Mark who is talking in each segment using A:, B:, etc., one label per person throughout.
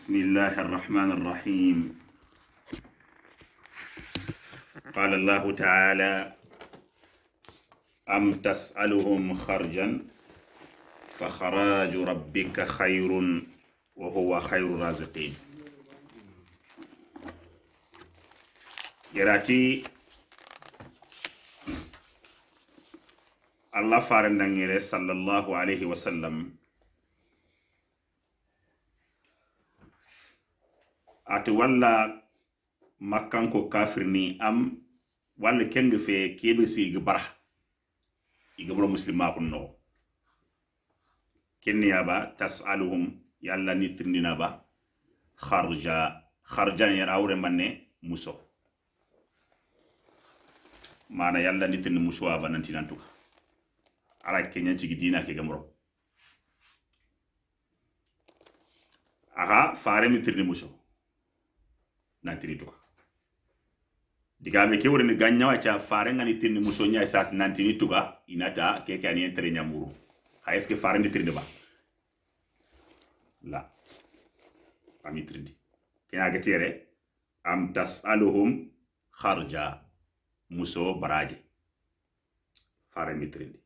A: بسم الله الرحمن الرحيم قال الله تعالى أم تسألهم خرجا فخراج ربك خير وهو خير الرازقين يراتي الله فارن صلى الله عليه وسلم ate walla kafir ni am walla kenge fe kebe si igi bara igi boro muslima kun no kenni tas tasaluhum yalla ni na ba kharja kharjan yara awre manne muso mana yalla ni trindi muso aba nanti tuka ala kenya cigi dina ke gamro aha fare mi trindi muso nantini tuka Di ke wurini ganyawa ca farengani tirni nya esas nantini tuka inata keke ani ya entere muru ha eske fare que farendi tirni ba la ami tirndi kena getere am tasaluhum kharja muso baraje fare mitrindi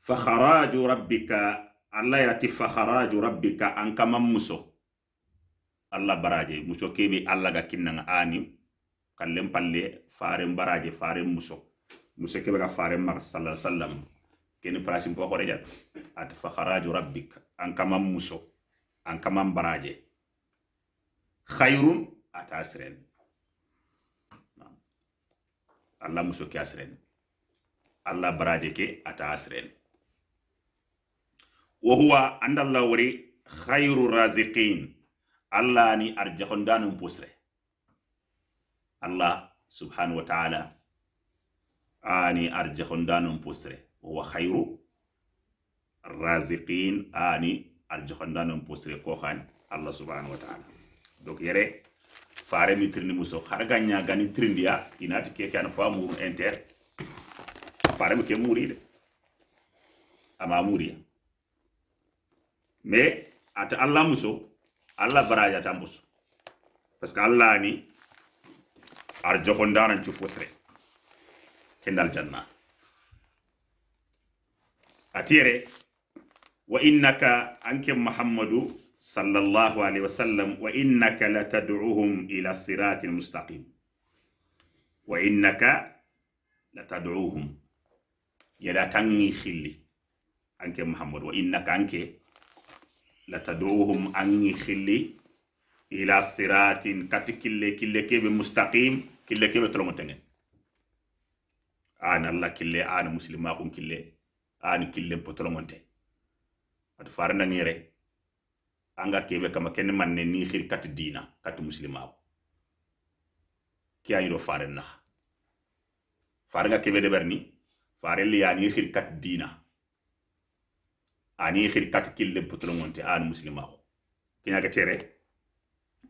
A: fa kharaju rabbika allah ya fa kharaju rabbika anka kamam muso Allah baraje muso kebe Allah ga kinnanga ani kallem palle faren baraje faren muso muso kebe ga faren mar sallallahu wasallam ken prasim po kore jat at fa kharaj rabbik an kamam muso an kamam baraje khairun at asren Allah muso ke asren Allah baraje ke at asren wa huwa andallahu ri khairu raziqin Allah ni arjahondanum pusre allah subhanahu wa ta'ala ani arjahondanum pusre wa khairu raziqin ani arjahondanum pusre ko kohan allah subhanahu wa ta'ala donc yere fare mi trini muso har ganya gani trindiya inati ke kan famu enter fare mi ke muri de ama muriya me ata allah muso alla baraja tan parce que allah ni ar jogondarancu fosre kendal janna atiyere wa innaka anke muhammadu sallallahu alaihi wasallam wa innaka latad'uhum ila mustaqim wa innaka latad'uhum yada tangi khilli anke muhammadu wa innaka anke lataduhum angi xilli ila siratin kati kille kille kebe mustaqim kille kebe tolongo tengen an allah kille an muslimakun kille an kille potolongonte atu faranangere anga kebe kama kene manne ni xir kati dina kati muslimaku ke añido faren naxa farenga kebe deberni farelli yani xir kati dina ani khiri kat killim putulungonte an muslimahu kinaga tere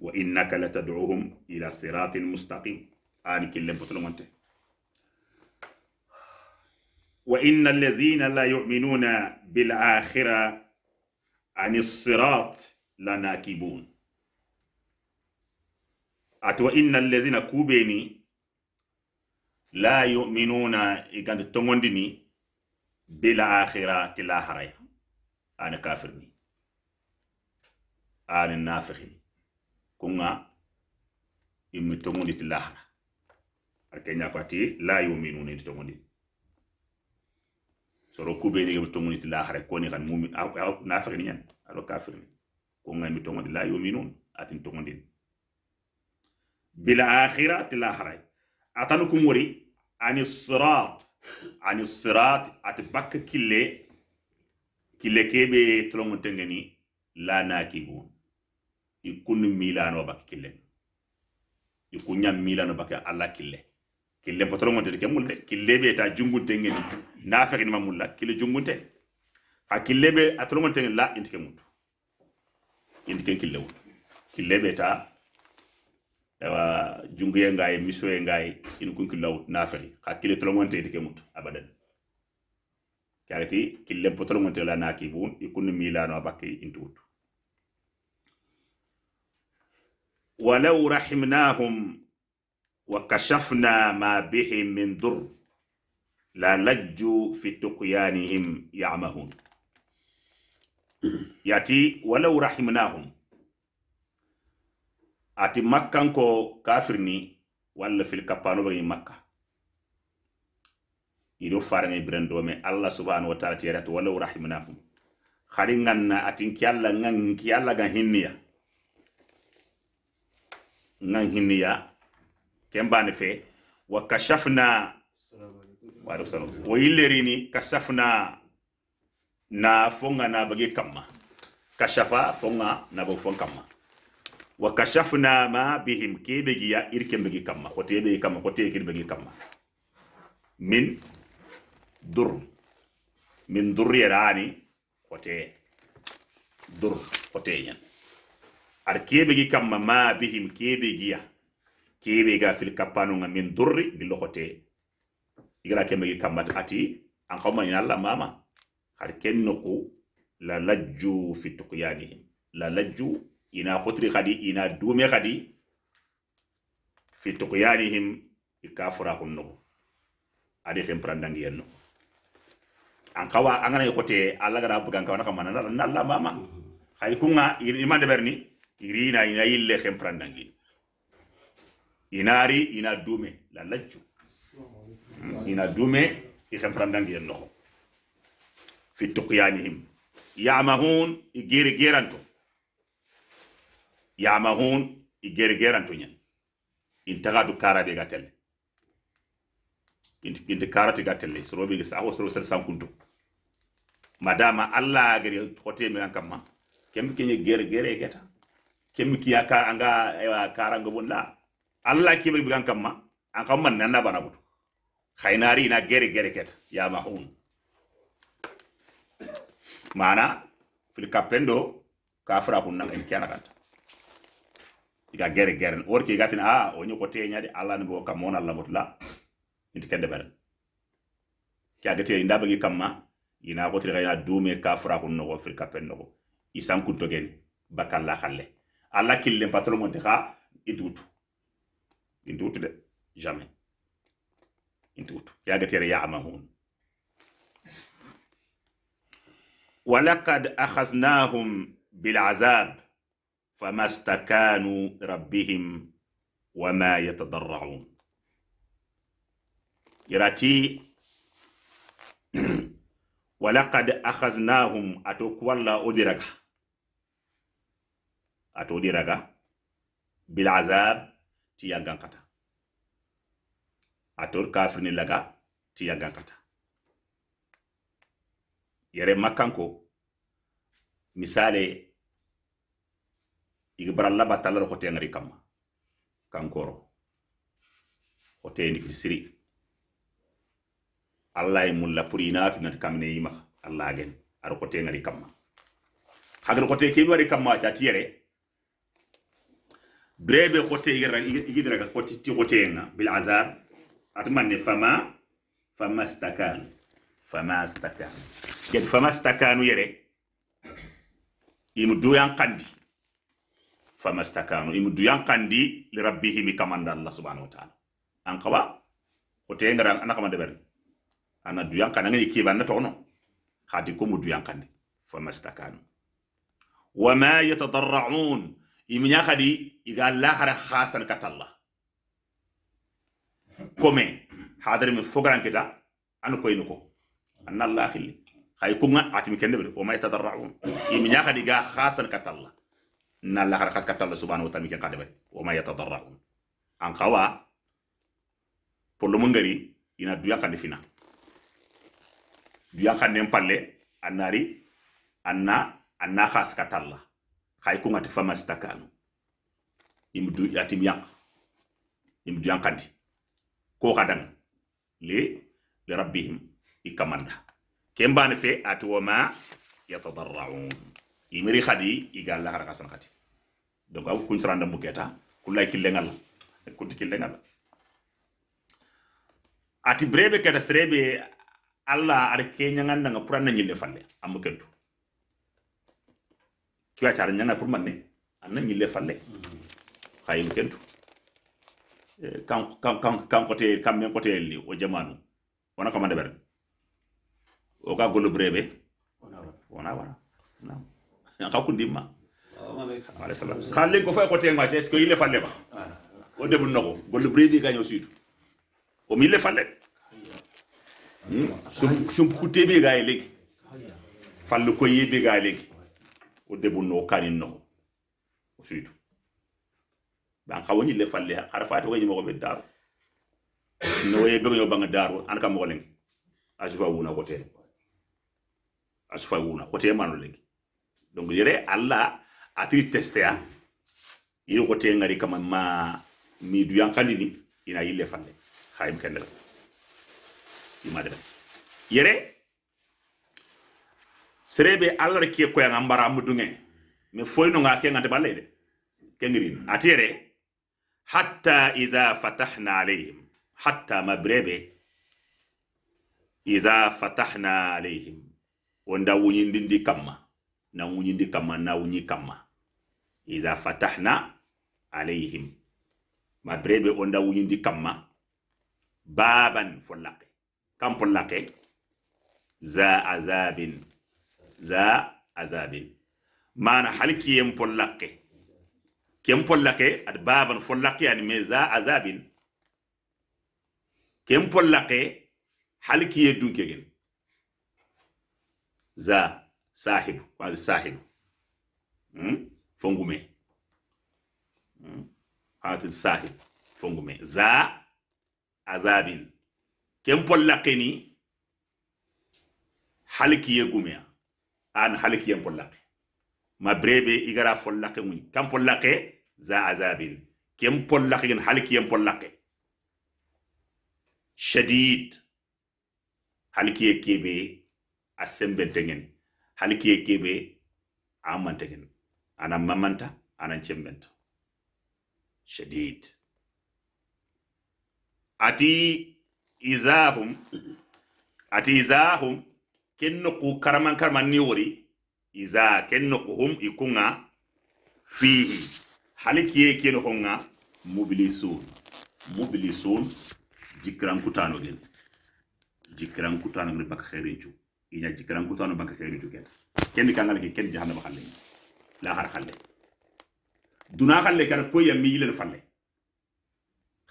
A: wa innaka latad'uhum ila siratin mustaqim an killim putulungonte wa inna allazina la yu'minuna bil akhirah عن الصراط لناكبون أتوا إن الذين كوبيني لا يؤمنون إذا تنغندني بالآخرة تلاهريا ani kafir ni ani nafiki ni kunga imi tongundi ti lahara akenya kwati la yuminuna ti tongundi soro kube ni tongundi ti lahara koni kan mumin nafiki ni yan alo kafir ni kunga imi tongundi la yuminun atin tongundi bil akhirah ti lahara atanukum wori ani sirat ani sirat at bakka kille kille kebe tolongo tengeni la nakibu i kunnu milano baka kille i kunya milano baka alla kille kille potolomu tete kemulle kile be ta jungun tengeni na fekki ni mamulla kille jungunte ha kile be atolomu tengeni la intike mutu intike kille wu kille be ta awa junguye ngaye misoye ngaye in kun killa wutu na fekki ha kille tolomu tete kemutu abadan kagati kille potol mun la na kibun ikun milano abake intut walau rahimnahum wa kashafna ma bihim min dur la lajju fi tuqyanihim ya'mahun yati walau rahimnahum ati makkanko kafirni wala fil kapano be makkah ido faranga biran do me allah subhanahu wa ta'ala tiyara to wala rahimnahum khari nganna atin ki allah ngan ki allah gan hinniya ngan hinniya kembane fe wa kashafna wa wa yillerini kashafna na fonga na bagi kamma kashafa fonga na bo fon kamma wa kashafna ma bihim kebe giya irken bagi kamma ko tebe kamma ko tebe bagi kamma min dur min durriyerani hote dur hoteñen kebe keɓegi kamma ma bihim keɓegiya keɓe ga fil kappanuga min durri gillo hote igara keɓegi kammata ati an kawmañin allah mama har ken noku la lajju fi tukyanihim la lajju ina hotiri kadi ina dume kadi fi tukyanihim i kafura kun noku adi hemprandangiyel noku an kawa an gana hote ala gara bugan kawana kama na alla mama hay kunga imande berni na ina ille khemprandangi inari ina dume la lachu ina dume i khemprandangi en noho fi tuqyanihim yamahun igere geranto yamahun igere geranto nyen intaga du karabe gatelle kinti karati ga telle soro bi sa ho soro sel sankunto madama alla gari hote mi an kamma kem ni gere gere geta kem ki aka anga ewa karanga bonda alla ki bi an kamma an kamma nanna bana butu khainari na gere gere geta ya mahun mana fil kapendo kafra kunna en kana kata iga gere gere worki gatin a ah, onyo kote nyade alla ni bo kamona alla butla inti kende bana kagete inda bagi kamma ina ko tira ina dume ka fura ko no fil kapen no isan kun togen bakal la khalle alla kille patron monte kha intutu intutu de jamais intutu kagete ya amahun ولقد أخذناهم بالعذاب فما استكانوا ربهم وما يتضرعون irati walakad akhaznahum ato kuwalla odiraga ato odiraga bilazab ti yangan kata ator kafin laga ti yangan kata yare makanko misale igi bara laba tallar hote ngari kama kankoro hote ni kisiri allah ye mulla pour kam ne yi ma. allah gen aɗa kote ngari kamma hagan kote kemi waɗi kamma cati yere brebe kote igidiraga ti na bil azar ne fama fama stakanu fama stakanu jati fama stakanu yere imu duyan kandi fama stakanu imu duyan kandi li rabbihimi kamanda allah subhanahu wa taala an kawa kote ngara anakamande berni. ana duyankana ngani ke banna tono khati ko mu duyankande fa mastakanu wa ma yatadarra'un iminya khadi iga la hasan khasan katalla kome hadar mi fogaran kita an koyno ko anna allah khilli khay kunga atimi kende be wa ma yatadarra'un iminya khadi ga khasan katalla na la hara khas katalla subhanahu wa ta'ala mi kan kadebe wa ma yatadarra'un an kawa pour le mungari ina kadi fina yankannen palle a nari anna anna haskatalla hay kugati famastakanu imdu yatim yank imdu yankandi ko kadan li li rabbihim ikamanda kembane fe ati wama yatadarraun imiri khadi iga allah har kasan khati donc aw kun saranda muketa kulay killengal kunti killengal ati brebe kada strebe Allah ar ke nyanganda nga pura na nyile falle am kentu ki wa char nyanga purman ne an na nyille falle khayim kentu e, kan kan kan kan kote kan men kote li o jamanu wana kamande ber o ka golu brebe wana wana wana ya ka kundima alayhi salam khalle ko fay e kote ma est ce que il ba ah. o debu noko golu brebe ga nyosuitu o mi le sumpukute be ga eleki fallu koye be ga eleki o debunno o kanin noxo o suytu ban xa wo ñille falle xara fatogo ñimoxo ɓe daaro nowoye begoño banga daru an ka moxo leng a sufa wuna xote a sufa wuna ko xote mano leng donc yere alla atiri testea ko xote ngari kama ma mi duyan xandini ina yille falle xayim kendela bɛ imadre yere serebe alare ke foyi yang ambara mudunge me foyno nga ke ngade balle de kengirin atire hatta iza fatahna alaihim hatta mabrebe iza fatahna alaihim wanda wunyindindi kama na wunyindi kama na wunyi kamma iza fatahna alaihim wanda onda wunyindi kama baban follake كم عذابين زا عذاب ذا عذاب معنى حلك يم لك كم لك أدبابا فلك يعني زا عذاب كم لك حلك يدون كجن زا صاحب وهذا صاحب فنقومي هذا الصاحب فنقومي زا عذابين ken polla keni halkiye gumeya an halkiyen pollake ma brebe igara follake muñ kam pollake za azabin ken pollake gen halkiyen pollake shadid halkiye kebe a sembentegen halkiye kebe a mantegen ana mamanta ana cembento shadid ati izahum ati izahum ken ku karaman karaman ni wori iza ken ku hum ikunga fihi halikiye ken honga mublisun mublisun jikran kutano gen jikran kutano ngri bak khairinchu inya jikran kutano bak khairinchu ket ken kangal ke ken jahannama khalle la har khalle duna khalle kar ko yamile falle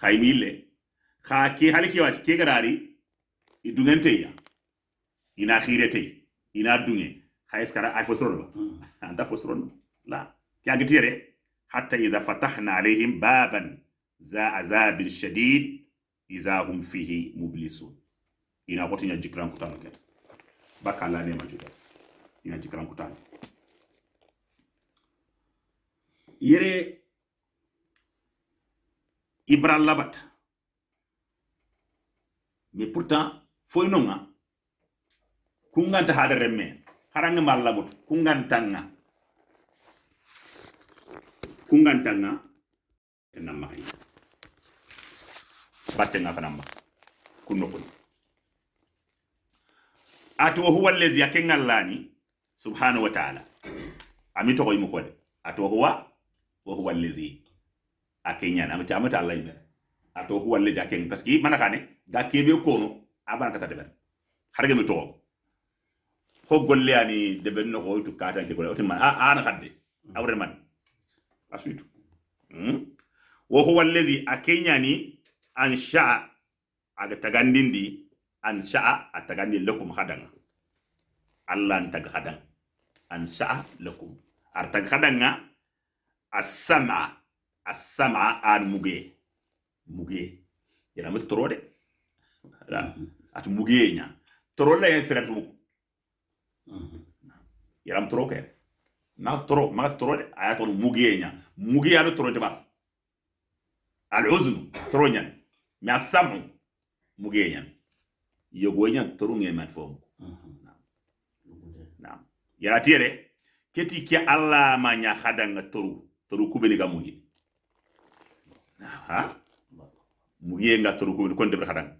A: khaymile xa ke hali ke wati ke garari i dungente ya ina khirete ina dunge xa iskara ay fosron ba mm. anta fosron la ke agitire hatta idha fatahna alaihim baban za azabin shadid idha hum fihi mublisun ina ko tinya jikran kutano ket baka la ne majuda ina jikran kutano yere ibra labat mais pourtant non nga ku nganta remme mal foynonga kunganta hadare me haranga mallagut kungantanga kungantanga tenna mahay battenga kanamba kunno kun ati wa huwa allazi yakengallani subhanahu wa ta'ala ami togoy mu kode ati wa huwa wa huwa allazi akenyana amata amata allah yimere ati wa huwa allazi akeng parce que manakane ga kebe kono bana kata har harge mi to ko golle ani debe no ko to kata je golle otima a ana kadde awre man asuitu hmm wa huwa allazi akenya ni an sha'a aga tagandindi an sha'a a lakum hadanga allah an tag hadan an sha'a lakum ar tag hadanga as-sam'a as-sam'a an muge muge yana mutrode toro de Hmm. Nah, ati anu ya, hmm. nah, mugi nya nah, toro la yen sere tugu yaram toro ke na toro ma toro aya to mugiye nya mugi ado toro ba al uzn toro nya mi asamu mugiye nya yogo nya toro ngi mat fo na yara tiere keti ke alla ma nya toro toro kubeni ga mugi ha mugiye nga toro kubeni kon debra khadanga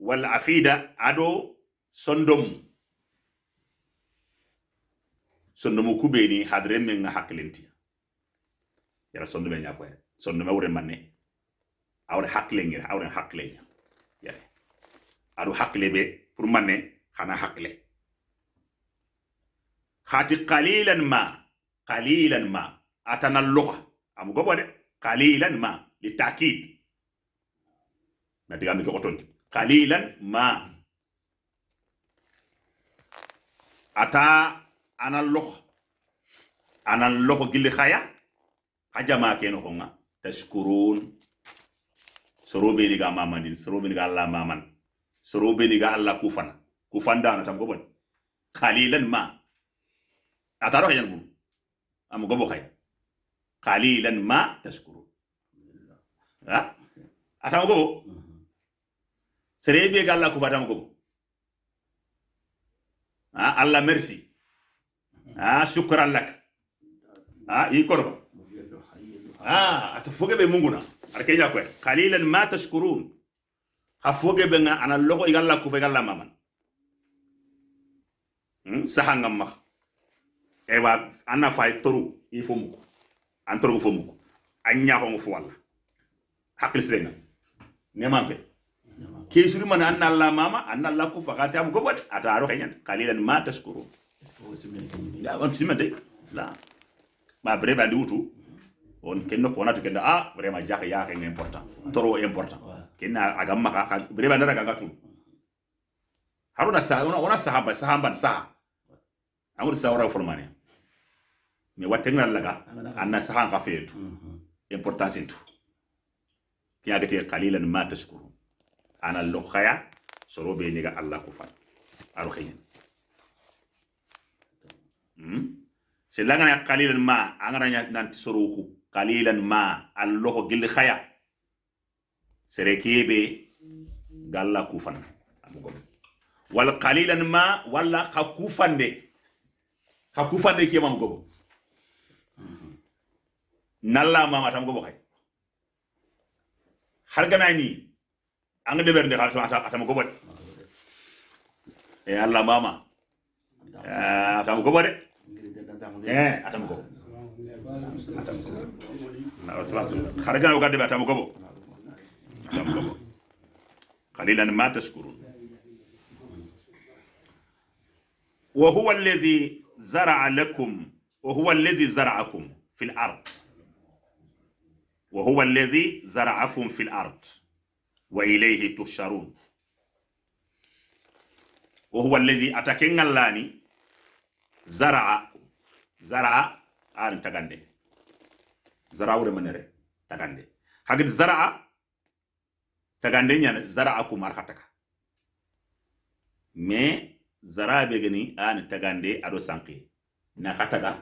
A: wal afida ado sondom sondomu kubeni hadre men nga hakilenti yara sondome nya ko sondome wure manne awre haklengi awre haklengi yare adu hakle be pour manne khana hakle khati qalilan ma qalilan ma atana lugha am gobo de qalilan ma litakid na digambe ko otondi qalilan ma ata anan loxo anan loxo gilli xaya xa jama keno xonga tashkurun sorobeni ga mamandin sorobeni ga allah maman sorobeni ga allah kufana kufan kufandano tam gobon qalilan ma ataro xayan bum am gobo xaya qalilan ma tashkurun ha atamo gobo serebe ga Allah kufatama gogo ha Allah merci ha shukran lak ha i korba ha ata foge be munguna arke nya ko qalilan ma tashkurun ha foge be nga ana logo iga Allah kufa iga Allah maman hmm sahanga ma ewa ana fay toru i fomu an toru fomu anya ko ngu fo wala hakil srenga ne mampe ke suru mana an allah mama an allah ku mu gobat a ataru kenyan kalilan ma tashkuru ya on dai la ma bre ba dutu on kona ko natu a ah vraiment jaka ya ken important toro important kenna agamma ka bre ba ndara ka gatu haruna sa ona sahaba sahaba sa amur sawra formane mais wattegnal laga anna sahan ka feetu mm-hmm. importance tu ki agate qalilan ma tashkuru ana lo khaya soro be ni ga allah ko fat aro khinyen hmm se ngana qalilan ma angara nya nan soro ku qalilan ma allah ko gil khaya sere kebe galla ko fan wal qalilan ma wala ka khakufande ka ke mam gobo nalla mama tam gobo khay har ni anga de bernde xalis ata ata ko bode e alla mama ata ko bode eh ata ko na wassalatu kharaga no gadde ata ko bo ata ko bo qalilan ma tashkurun وهو الذي زرع لكم وهو الذي زرعكم في الأرض وهو الذي زرعكم في الأرض wa ilayhi tusharun wa huwa alladhi atake ngallani zaraa zaraa arin tagande zaraa wure manere tagande hagid zaraa tagande nyana zaraa ku marhataka me zaraa begeni an tagande ado sanki na khataga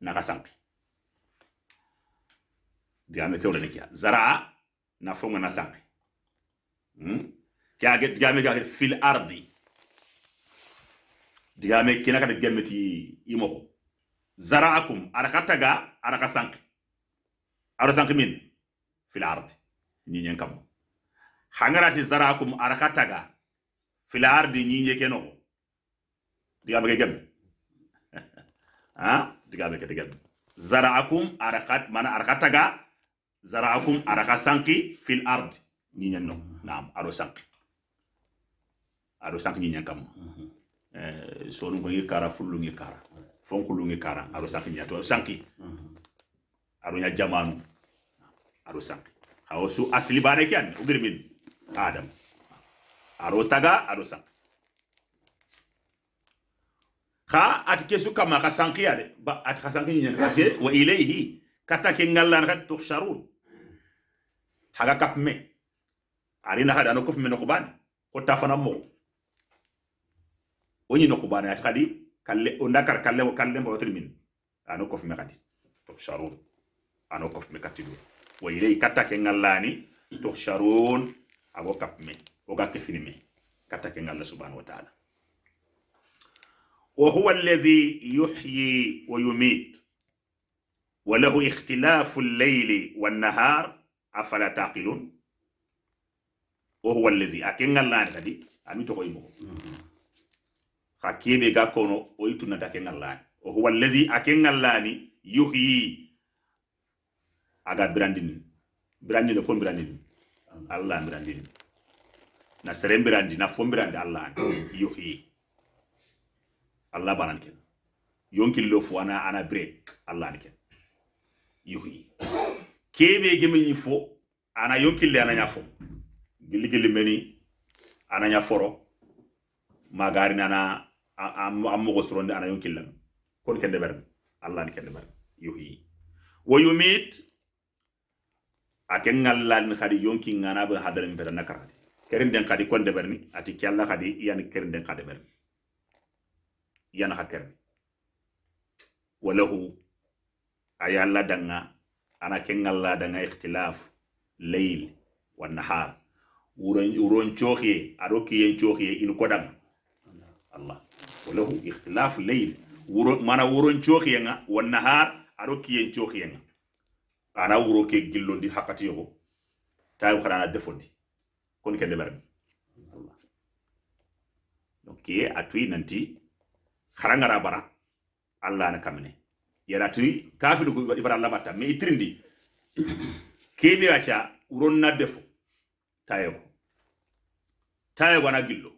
A: na kasanki diame nekia zaraa na fonga na sanki Hmm? kage digame kage fil ardi digame kina kada gemeti imoko zara'akum arakataga araka sank ara sank min fil ardi ni nyen kam hangarati zara'akum arakataga fil ardi ni nye keno digame kage gem ha digame kage gem zara'akum arakat mana arakataga zara'akum araka sanki fil ardi ñiñan no naam aro sank aro sank ñiñan kam eh so ko ngi kara fullu ngi kara fonku lu ngi kara aro sank to sanki aro nya jamanu aro sank hawo su asli bare kyan ugrimin adam aro taga aro sank kha atike su kama ka sanki ya ba at ka sanki ñiñan ka wa ilayhi katake ngallan ka tuksharun haga kap me ani na hada no nokof men nokubane ko tafana mo woni no nokubane ya tadi kalle o ndakar kalle o kalle mo termin ano kof me khadi to sharun ano kof me katidu wa ile kata ke ngallani to sharun ago kap me o ga ke fini me kata ke ngalla subhanahu wa ta'ala wa wa huwa alladhi yuhyi وهو الذي يحيي ويميت وله اختلاف الليل nahar afala taqilun o huwa allazi akenga lani kadi ami to koymo ha kebe ga kono o ituna da kenga lani o huwa allazi akenga lani yuhyi aga brandini brandini ko brandini allah brandini na serem brandi na fom brandi allah yuhyi allah banan ken yonki lo fo ana ana bre allah ken yuhyi kebe gemen fo ana yonki le ana nya fo gilligilimeni ananya foro magari nana am mogo soronde ana yon killan kon kende bar allah ni kende bar yuhi wa yumit aken ngallal ni khadi yonki ngana ba hadar mi beta nakati kerin den khadi kon de berni ati kyalla khadi yani kerin den khadi berni yana hakker walahu ayalla danga ana ken danga ikhtilaf layl wa nahar wuron wuron choxe aro kiyen choxe in kodam allah walahu ikhtilaf layl wuro mana wuron choxe nga wa nahar aro kiyen choxe nga ana wuro ke gillondi hakati yogo tayu khana defondi kon kende barmi donc ke atui nanti kharangara bara allah na kamne yara tui kafiru ko ibara allah batta me itrindi kebe acha na defo tayo tayo gana gillo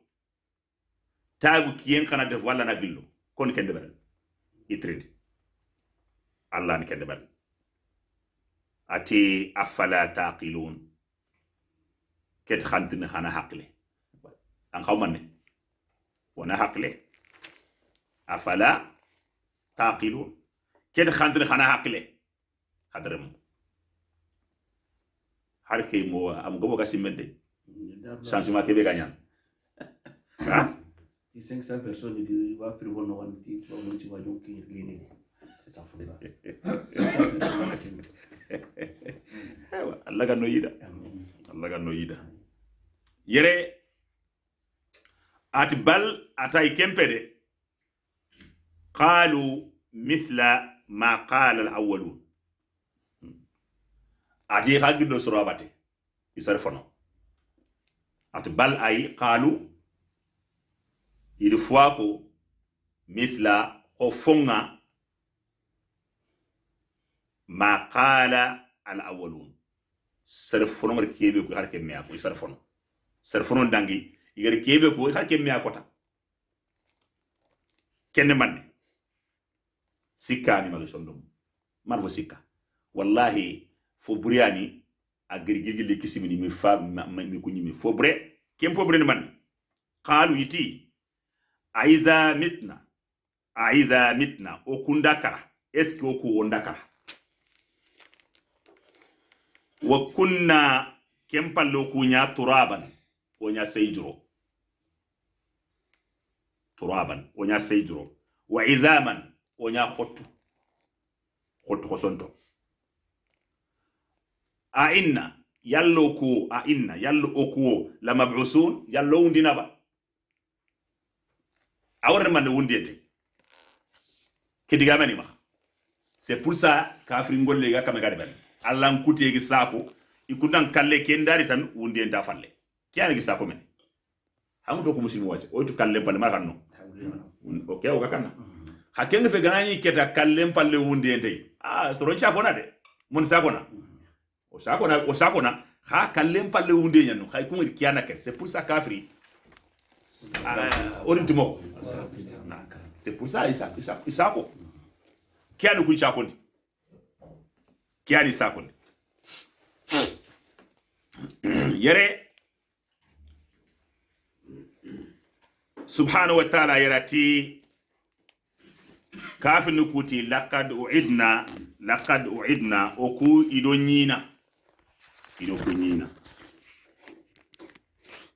A: tayo kiyen kana def wala na gillo kon ken de bal itridi allah ni ken de bal ati afala taqilun ket khantini khana haqle an khawmanne wana haqle afala taqilun ket khantini khana haqle hadramu har kay mo am gobo gasimende changement kebe ka ɲa ha ti 500 personnes di wa frigo no wan ti wa mo ti wa jo ki lini c'est ça fonda aywa alla ka no yida alla ka no yida yere ati bal atay kempe de qalu mithla ma qala al awwalun hmm. ati do surabate isar fono ati bal ay qalu il fois ko mithla ko fonga ma qala al awwalun sar fonon kebe ko har kemme ko sar fonon sar fonon dangi igar kebe ko har kemme ko ta kenne manne sikka ni maga sondum man fo sikka wallahi fo buriani a girgirgile kisimini mi fa mi kuñimi fobre kem fobreni man qalu yiti aiza mitna aiza mitna o kundakara est ce que o ku wondakara wa kunna kem pallo kuña turaban oña seyduro turaban oña seyduro wa izaman oña hottu hottu hosonto a a'inna yallo kuwo inna yallo o kuwo la mabusun yallo wundinaba awar man diga kidigamani ma c'est pour ça kafri ngolle ga kame gade bani allan kutiyegi sako ikundan kalle ken dari tan wundiyenta falle kiyani gi sako men hamu do ko musimi waje oytu kalle balle ma kanno ok o ga kanna hakenge fe ganani keta kalle palle wundiyente ah soron cha kona de mun sa kona mm -hmm. o osakona osakona ha kallen palle wunde ñanno hay kuŋir kiyana ken c'est pour ça kafri ah, orintumoxo c'est pour ça i sako kiyani kun sakondi kiyani sakondi yere subhanahu wa taala yerati kafin kuti lakad uidna lakad uidna oku ido ñina ido kunyina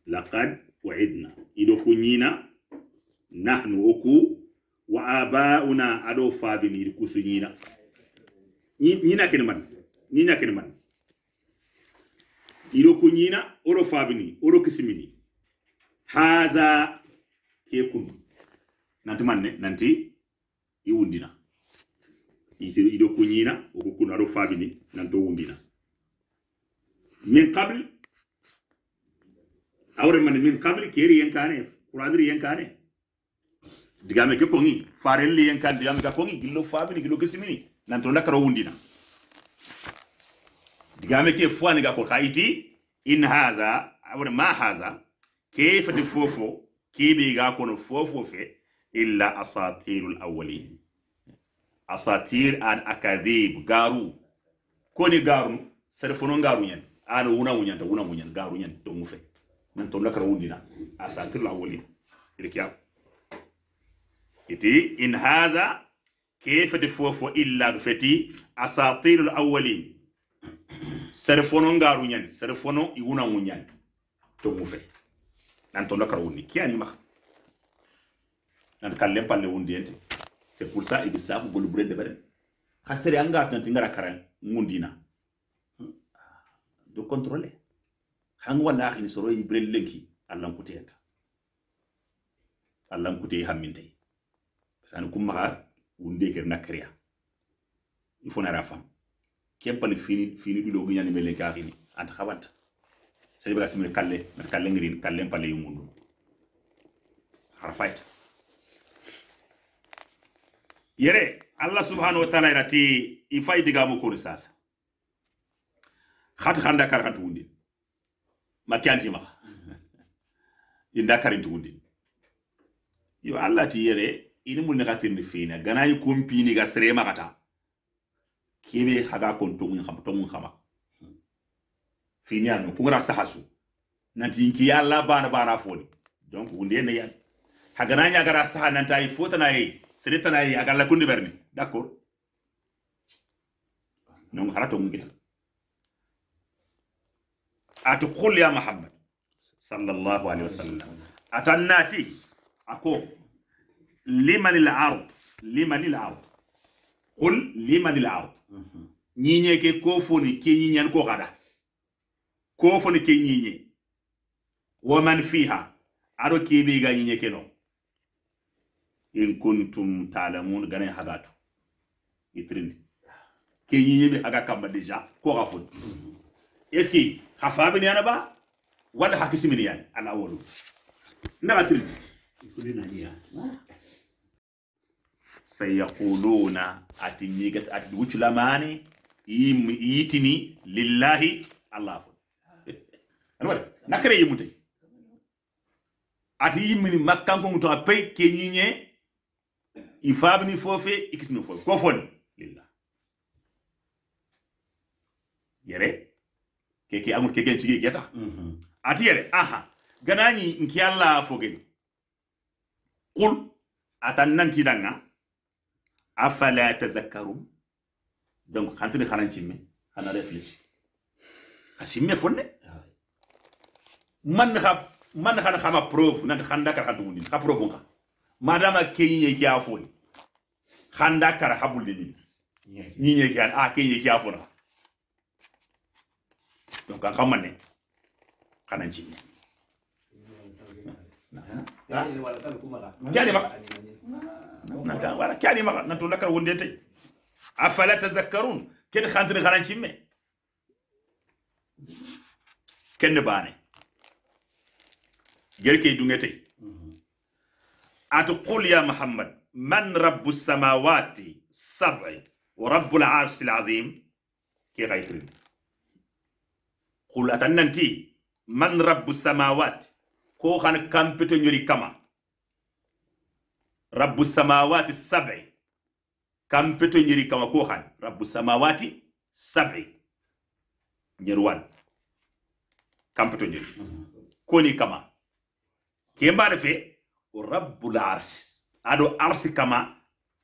A: laqad waidna ido kunyina nahnu oku wa abauna ado fabi ni kusu nyina nyina ken man nyina ken man ido kunyina oro fabi ni oro kisimini haza ke kun nanti man ne nanti iwundina ido kunyina oku kunu fabi ni nanto wundina min qabl awre man min qabl keri yen kane kuradir yen kane digame ke kongi farelli yen kan digame ka kongi gillo fabini gillo kisimini nan to lakaro wundina digame ke fwani ga ko khaiti in haza awre ma haza ke fati fofo ke be ga kono fofo fe illa asatirul awwalin asatir an akadib garu koni garu sarfonon garu yen ana una unyanda una munyan garu nyan to mufe nan to nakara wundina asantir la wali ilkiya iti in hadha kayfa difofo illa fati asatir al awwalin sarfono ngaru nyan sarfono iuna munyan to mufe nan to nakara wundi kiani ma nan kallem palle wundi ente c'est pour ça ibi sabu golubure de bare khasere anga tantinga rakara ngundina do contrôler han wala ni soro yi bre lenki allan kute enta allan kute hammintay sani kum maxa wunde ker na kreya il faut nara fam kempal fini fini du gunya ni melen ka kaxini ant xawanta sadi baga simil kalle mer kalle ngirin kalle palle yu mundu harfait yere allah subhanahu wa ta'ala irati ifai digamu kuni sasa hati handa kar hatu undi makanti ma inda karin tuundi yo alla ti yere ini mun ngatir ni fina ganani kumpi ni gasre ma kata kebe haga kon tungun kham tungun xama fini anu kungra sahasu nanti inki alla bana bana foni donc wunde ne yan haga nanya gara saha nanta tay fota na yi sere na ay aga la kundi berni d'accord non harato ngita atukul ya muhammad sallallahu alaihi wasallam atannati ako liman al ard liman al ard qul liman al ard ñiñe ke ko foni ke ñiñan ko kada ko foni ke ñiñe wa man fiha aro bi ga ñiñe ke no in kuntum ta'lamun ganen hagatu itrin ke ñiñe bi haga kamba deja ko ga foni est ce que khafa bin yana ba wala hakisi min yani al awwalu ndaga tiri kulina ati ñigat ati wucculamani yitini lillahi allah fo aɗa waɗa nakkere yimmutay ati yimmini makkankongu to a pey ke ñiñe i faabini foofe i kisini ko keke amul kegen cigi keta mm -hmm. atiyere aha ganani nki alla fogen qul nanti danga afala tazakkarun donc xantini xanan cimme xana réfléchi xa simme fonne man xa man xana xama prof nanti xanda kar xa tugundin xa preuve nga madama keñiñe ke a foni xanda kar xa bullinin ñiñe ke a keñiñe ki ah, a fona donc an kam manne kanan cinne kyani maka nanta wala kyani maka nanto lakar wonde tay afala tazakkarun ken khantini kanan cimme kenne bane gerke dungete a qul ya muhammad man rabbu samawati sab'i wa rabbul arshil azim ke gaytrin kul atannanti man rabbu samawat ko han kampito nyori kama rabbu samawati sab'i kampito nyori kama ko han rabbu samawati sab'i nyerwan kampito nyori koni kama ke kembare fe rabbul arsh ado arsi kama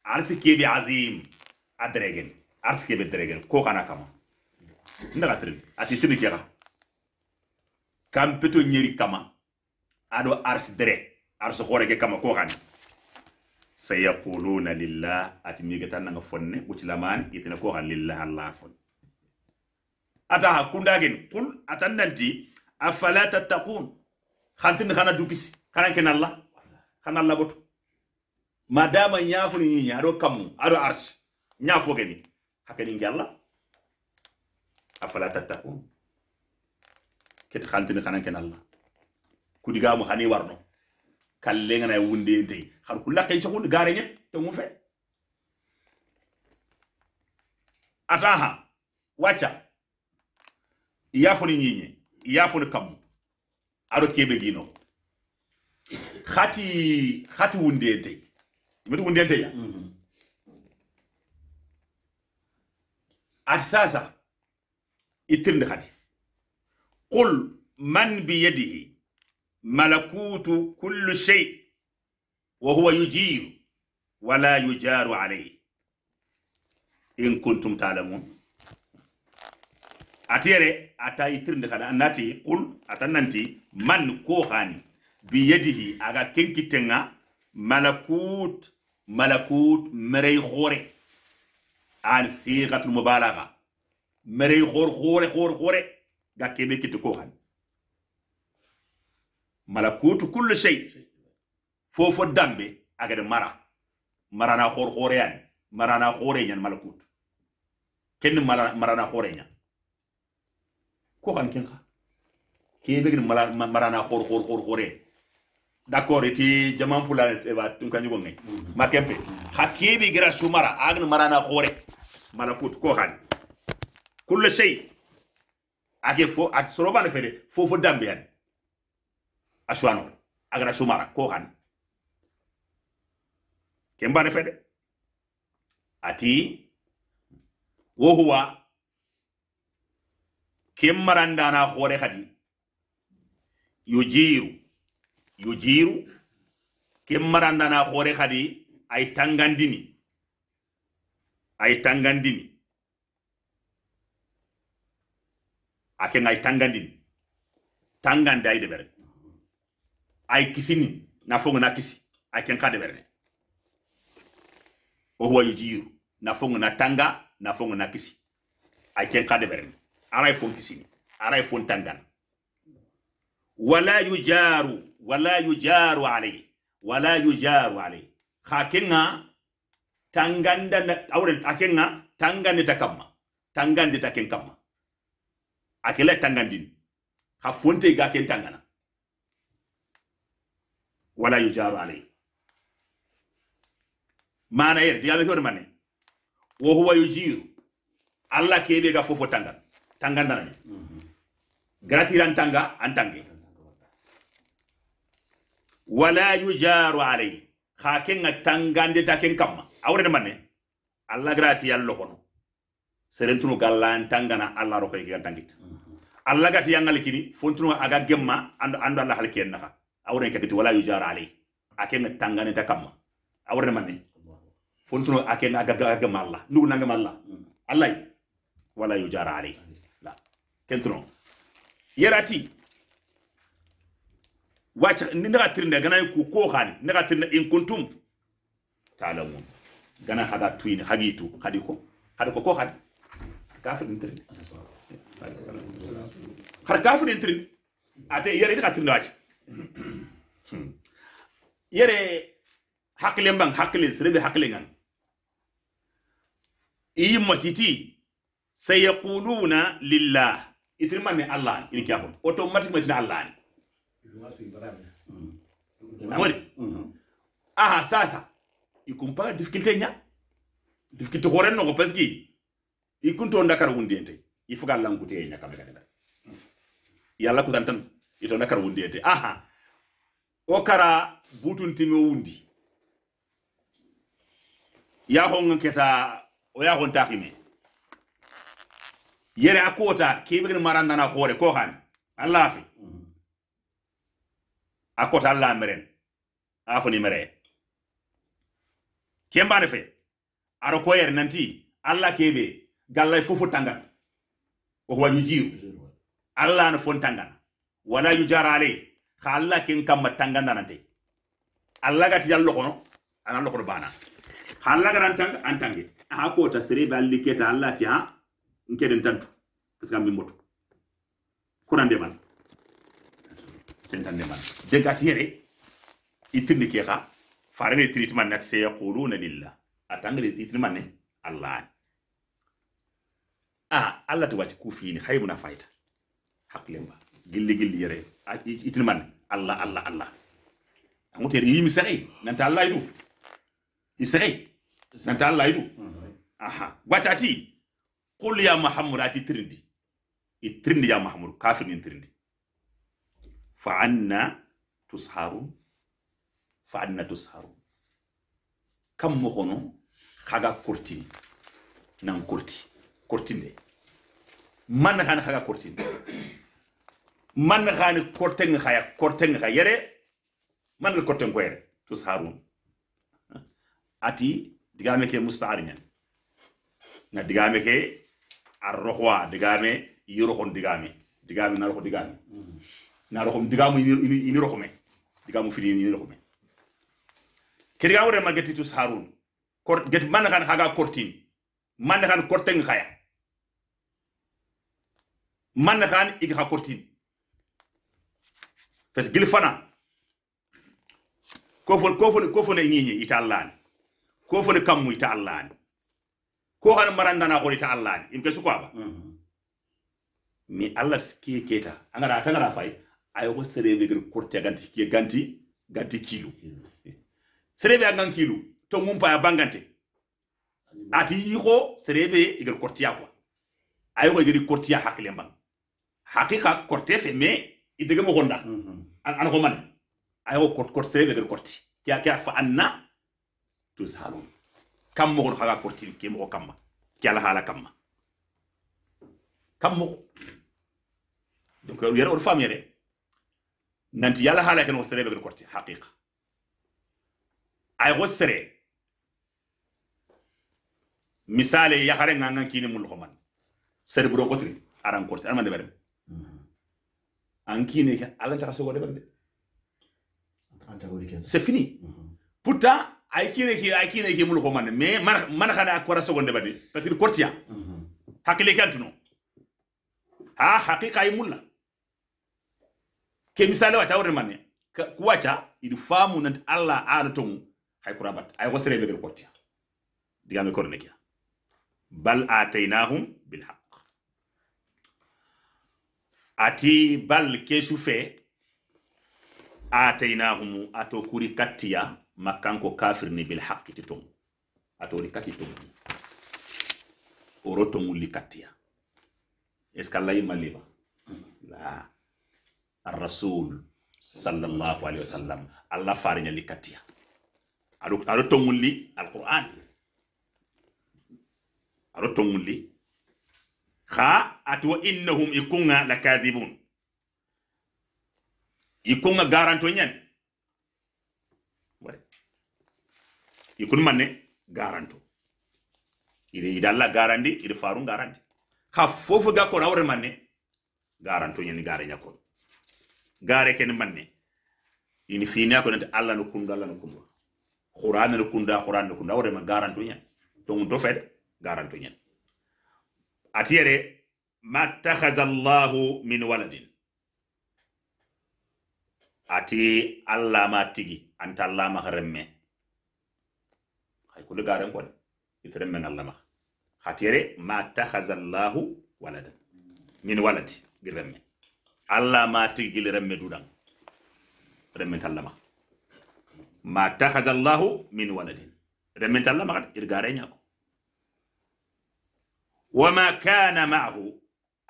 A: arsi kebe azim a adregen arsi kebe adregen ko kana kama ndaga tri ati tri kera kam peto nyeri kama ado ars dere ars hore ke kama ko gani sayaquluna lillah ati mi gata nanga fonne ucilaman itena ko gal lillah allah fon ata hakunda gen qul atannanti afala tattaqun khantin khana dukisi khana ken allah khana allah botu madama nyafuni ni ado kamu ado arsh nyafo geni hakani ngi allah afala tattaqun ket xaltini xanan ken alla kudigamu xani warno kallengana wunde te xar kula ken coxun gareñe mu fe ataha wacca iyafoni ñiñe iyafoni kammu aɗo keɓe gino xati xati wunden tey imeti wunden teya mhm. ati sasa ittirnde xati قل من بيده ملكوت كل شيء وهو يجير ولا يجار عليه in kuntum talamun atiyere ata ka kana annati qul atananti man ko hani bi yadihi aga kenkitenga malakut malakut merey khore an sigatul mubalagha merey khor khore khor khore ga kebe kiti ko han malakutu kullu shay fofo dambe agada mara marana hor horeyan marana horenyan malakutu ken marana horenya ko han ken ka kebe gin marana hor hor hor hore d'accord iti jaman pula e ba tun kan yugo ngai mhm. makempe hakibi gira sumara agna marana hore malakutu ko han kullu shay ake fo ati sorobane fede fofo dambeyan a suwanoo agara sumara ko han ken ne fere ati wo huwa ken na hore hadi yujiru yujiru ken na hore hadi ay tangandini ay tangandini ake ngai tangandini tangande ay debere ay kisini na fongo na kisi ay kenka debere o huwa yujiyu na fongo na tanga na fongo na kisi ay kenka debere aray e fon kisini aray e fon tangan wala yujaru wala yujaru alayhi wala yujaru alayhi hakenga tanganda awren akenga tanganda takamma tangande takenkamma a ke akela tangandini ha fonte ga ken tangana wala yujabu alayhi mana yer diabe ko mane wo huwa yujiru alla kebe ga fofo tanga tanga ndana mm -hmm. gratiran tanga antange wala yujaru alayhi ha ken tanga ndeta ken kamma awre mane alla grati yallo kono serentunu gallan tangana allah ro koy gan tangit allah gati yangal kini fontunu aga gemma ando ando allah hal ken nafa awre kagati wala yujar alay aken tangane ta kamma awre manne fontunu aken aga gemma allah nugu nangama allah allah wala yujar alay la kentro yerati wacha ni naga tirnde gana ku ko khani naga tirnde in kuntum ta'lamun gana haga tuin hagitu hadi ko hadi ko ko hadi kafirin tirin har kafirin tirin ate yere ka tirin waji yare hakilen ban hakilen sirbe hakilen an iyi matiti sayaquluna lillah itin mai allah in kya ko mai matina allah ne amuri aha sasa ikumpaka difficulté nya difficulté horen no ko parce i ikunto ndakar wundiyente ifuga langute nya kameka nda yalla kudan tan ito ndakar wundiyente aha o kara butun timi wundi ya hon keta o ya hon takime yere akota kibigin maranda na hore ko han allah a akota allah meren afoni mere kembane fe aro ko yer nanti allah kebe gallay fofo tangan o wañu jiw allah na fon tangana wala yu jara ale xa allah ken kamma tangandanante allah gati yan lokono ana lokono bana xa allah gara antang antange aha kota serebe alli keta allah ti ha nkeden tantu parce que min moto kuna ndeman sentan ndeman de gati yere itirni ke xa ne treatment nati se yaquluna lillah atangre treatment ne allah Ah, a kufi ne hai muna haymuna fayta ba gilli gilli ah, allah itil man alla alla yi amuter yimi sahi nanta alla idu isahi nanta alla idu aha watati qul ya muhammad ati trindi itrindi ya muhammad kafin ni trindi fa anna tusharu fa anna tusharu kam mo kono khaga kurti nan kurti kortinde man na xana xaga kortinde man na xani korteng xaya korteng xa yere man na korteng ko yere tus harun ati digame ke musta'ar nyan na digame ke arrohwa digame yorohon digame digame na roho digame na roho digame ini roho me digame fini ini roho me kiriga wore mageti tus harun kor get man na xana xaga kortin man na xana korteng xaya man na xani i xa kortin parce que gil fana ko fon ko fon ko fon e ñiñi ita allah ko fon mu ita allah ko maranda na xori ita allah im ke sukaba mm -hmm. mi allah ski keta angara tangara fay ayo ko be gir korte ganti ki ganti ganti sere be angan kilo to ngumpa pa bangante ati iko serebe igir kortiya kwa ayo ko igir kortiya hakle mbang haqiqa korte fe me idege mo gonda an ko man ay ko kort kort fe de korti kya kya fa anna to salon kam mo gon haga korti ke mo kamma kya la hala kamma kam mo donc yere or fam yere nanti yalla hala ken wastere be korti haqiqa ay wastere misale ya hare ngangan kini mul ko man serbro kotri aran korti armande berem ankine ke ala ntaka sogode bande c'est fini mm pourtant ay kine ke ay kine ke mulu ko man mais man khana akora sogode bande parce que kortiya mm -hmm. hakile kantuno ha hakika ay mulla ke misale wacha wore man kuwacha ili famu nant alla araton hay kurabat ay wasrebe del kortiya digame korne kya bal atainahum bil haqq ati bal kesu fe atainahum ato katia makanko kafir ni bil haqqi ti ton atori kati ton oro tongulli kattiya est ce que allah yima sallallahu alaihi wasallam allah fariñalli kattiya aɗo tongulli alquran aɗo tongulli xa ati innahum ikunga la kadhibun ikunga garanto nyen wale ikun manne garanto ire idalla garandi ire faru garandi ha fofu ga ko rawre manne garanto nyen gare nyako gare ken manne ini fina ko nante alla no kunda alla no kunda qur'an no kunda qur'an no kunda rawre ma garanto nyen to mun to fed garanto nyen atiyere mattakhazallahu min waladin ati allah ma tigi anta allah ma remme hay kulu garen kon itremme allah ma khatire mattakhazallahu waladan min waladi giremme allah ma tigi gil remme dudan remme tallama mattakhazallahu min waladin remme talama gar garen yako wama kana ma'ahu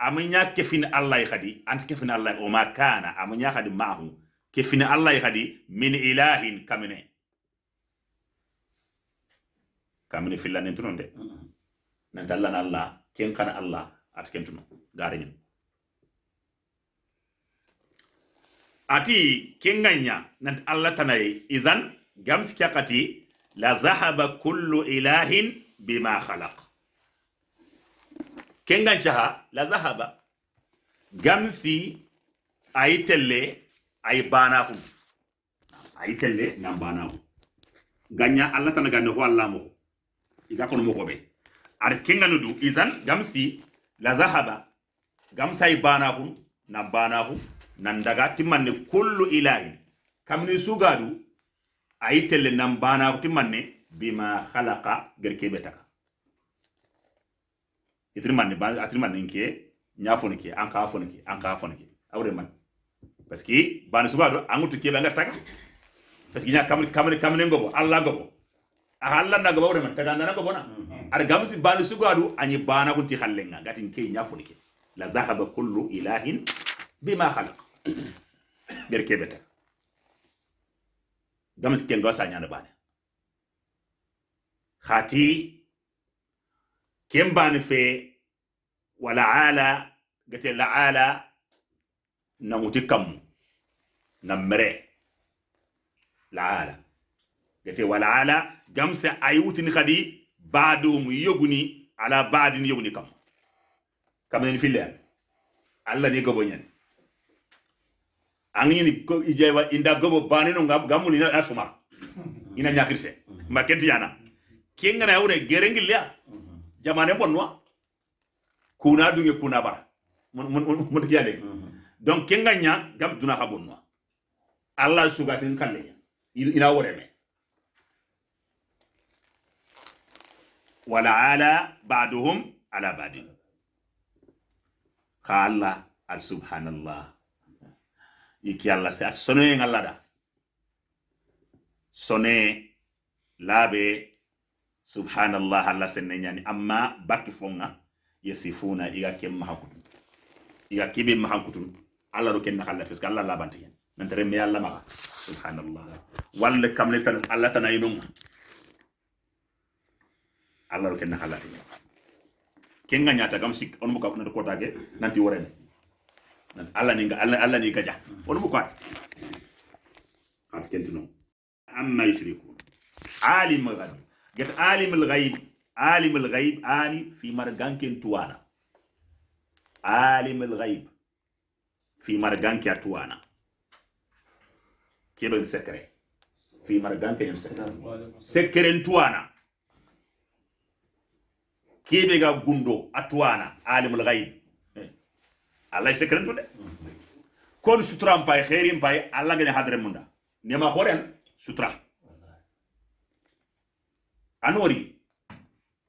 A: amanya kefin allah an ant kefin allah wama kana amanya hadi ma'ahu kefin allah hadi min ilahin kamene kamene fillan entuno de nan dallan allah ken kan allah at kentuno garenyen ati kenganya nan allah tanayi izan gamsu kati la zahaba kullu ilahin bima khalaq kengan jaha la zahaba gamsi ayi telle ayi banakum ayi telle nan banakum ganya allah tan ganne ho allah mo iga kono mo be ar kenga nudu izan gamsi la zahaba gamsa ayi banakum nan banakum nan daga timanne kullu ilahi kamni sugadu ayi telle nan banakum timmanne bima khalaqa gerkebe taka itri man ban atri man nke nya fon ke an ka fon ke an ka fon ke awre man parce que ban suba do an gutu ke banga taka parce que nya kamne kamne kamne ngobo alla gobo a alla na ngobo man taga na gobo na mhm. ar gamsi ban suba do anyi bana kunti khallenga gatin ke nya fon ke la zahaba kullu ilahin bima khalaq berke beta gamsi ken do sa nya na bana khati ken bani fe wala ala gate la ala na ŋuti kam na mere la ala gate wala ala gamse ayi wutini kadi badomu yoguni ala badini yoguni kam kamneni fillean allah ni gobo ñani angiñini ijewa inda gobo banino gammuni na fumar ina ñakirse ma kentiyana kengana yawre gerengillea jamane bonnwa kuna dunge kuna bara mun tiya le mhm. donc kenga nya gam duna ka bonnwa allah sugatin kalle ina wore me wala ala ba'dhum ala ba'd ka al subhanallah iki allah se sonen ngalla da sone labe subhanallah alla senne ñani amma bakki fonga yasifuna iga kem mahakutu iga kibe mahakutu kutun alla do ken nakalla parce que alla labante yen nante remme alla maka. subhanallah walla kamle tan alla tan ay non alla do ken nakalla tan ken nga ta gam sik on buka na ko nan nanti woren nan alla ni nga alla alla ni gaja on buka kat kentuno amma yushriku alim ghadi get alimul ghaib alimul ghaib ani fi mar ganken tuwana alimul ghaib fi mar ganke tuwana kilo in secret fi mar ganke in secret secret tuwana kebe ga gundo atuwana alimul ghaib eh. Allah secret tude kon sutra mpai khairin pai Allah gane hadre munda nema khoren sutra anori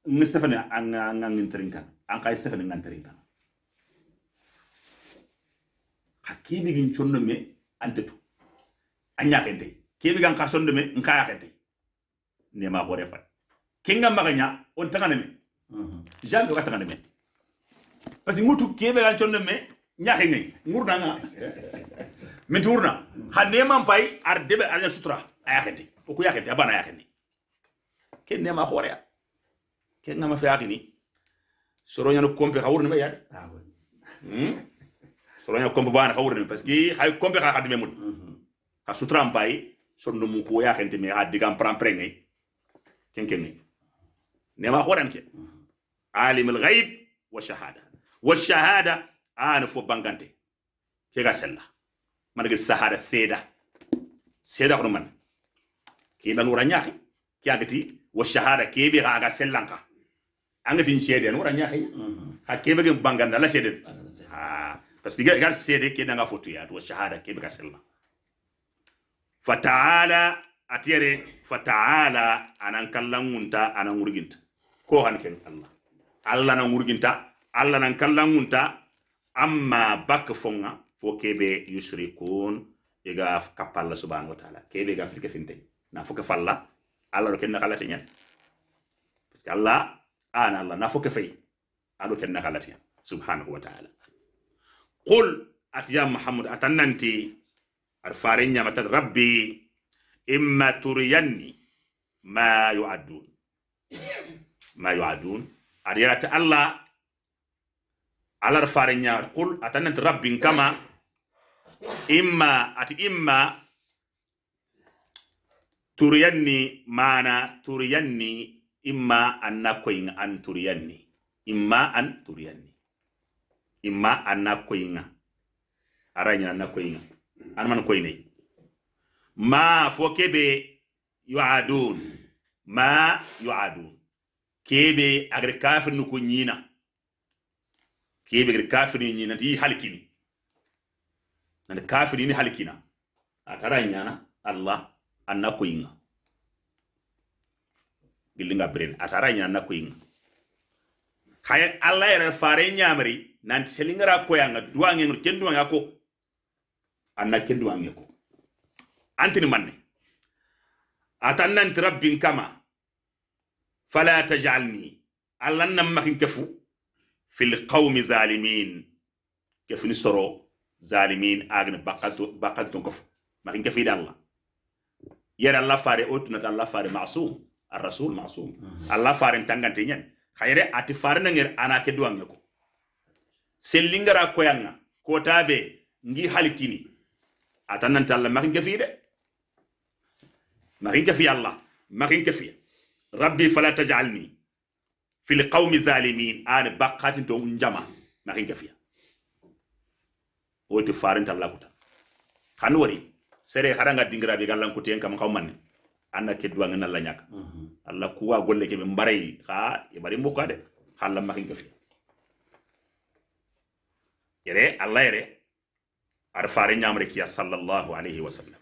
A: ngi sefene an an ngintrinkan an kai e sefene ngantrinkan hakini gin chonno me antetu anya kente kebi gan ka sondo me nka ya kente ne ma gore fa kinga maganya on tangane me mhm. jam do tangane me parce que ngutu kebe gan chonno me nya kenge ngurna nga min turna ha ne man pai ar debe ar sutra aya kente ko ya kente abana ya kente ken nema horeya ken ngama fe akini soro nyano kompe ka wurni mayad ah hmm soro nyano kompe bana ka wurni parce que hay kompe ka hadme mun mhm. ka sutra mbay son no mu ko ya gente me ha digam pram prengay ken ken ni nema horan ke alim al ghaib wa shahada wa shahada an fo bangante ke ga sella man ga sahada seda seda ko man ki dan wura nyaaxi ki agati wa shahada kebe ga aga sellanka anga tin shede no ya hay ha kebe gen banganda la shede ha parce que gar shede ke danga foto ya wa shahada kebe ga fa ta'ala atiyare ta'ala anan kallangunta anan wurginta ko hankin Allah Allah nan wurginta Allah nan kallangunta amma bakfonga fo kebe yushrikun iga kapalla subhanahu wa ta'ala kebe ga firke finte na fuka falla Allah do kenna khalati nyen parce que Allah ana Allah na foke fay ken khalati subhanahu wa ta'ala qul atiya muhammad atannanti ar mata rabbi imma turiyanni ma yu'adun ma yu'adun ar Allah alla alar fare nyama qul atannanti rabbin kama imma ati imma turiyanni mana turiyanni imma anna koyinga an turiyanni imma an turiyanni imma anna koyinga aranya anna koyinga an man koyne ma fo kebe yu'adun ma yu'adun kebe agri kafir nuku nyina kebe agri kafir nyina di halkini nan kafir ni halkina ataranya na allah anna koyinga gilinga bren atara nya anna koyinga kay alla yere fare nyamri nanti selingara koyanga duwange ngur kendu wanga ko anna kendu wange ko antini manne atannanti rabbin kama fala tajalni alla nam makin kefu fil qawmi zalimin kefu ni soro zalimin agni bakalton kofu makin kefi dalla yere allah fare o tunata allah fare masum rasul masum allah fare tangante ñen hayre ati fare nanger ana ke duwange ko sellingara koyanga kotabe ngi halikini atananta allah maxin ke fi makin kafi dɛ fi allah ala makin fi rabbi fala tajalni fi lqawmi zalimin an bakkatin to njama maxin ke fiya woti farentallaakuta xan wari sere haranga dingira be galan kutiyen kam kawman anna ke duwa ngana la nyak -hmm. alla kuwa golle ke be yi ha e bari mbuka de halla hin gafi yere alla yere ar fare nyamre kiya sallallahu alaihi wasallam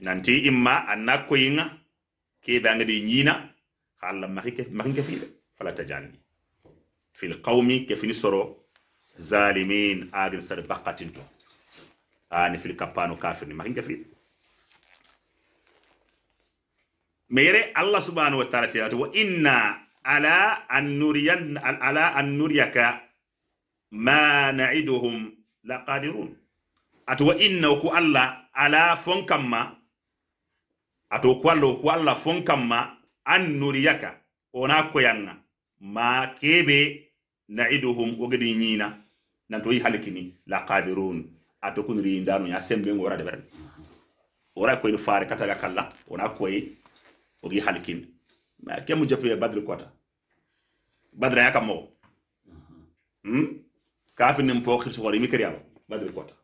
A: nanti imma anna yinga ke be di nyina halla ma hin gafi de fala tajanni fil qawmi ke fini soro zalimin agin sar baqatin to ni fil pano kafir ni makin kafir mere allah subhanahu wa ta'ala tiyatu wa inna ala an nuriyan ala an nuriyaka ma na'iduhum la qadirun atu wa inna ku allah ala fonkamma atu ku allah ku allah fonkamma an nuriyaka ona koyanga ma kebe na'iduhum ogedi nyina nan to yi halikini la qadirun ato ri ndanu ya sembe ngora de beren ora ko en faare kata ga kala ona ko yi gi halkin ma ke mu jape badru kota badra ya kamo hmm fi nim po khir sugori mi kriya badru kota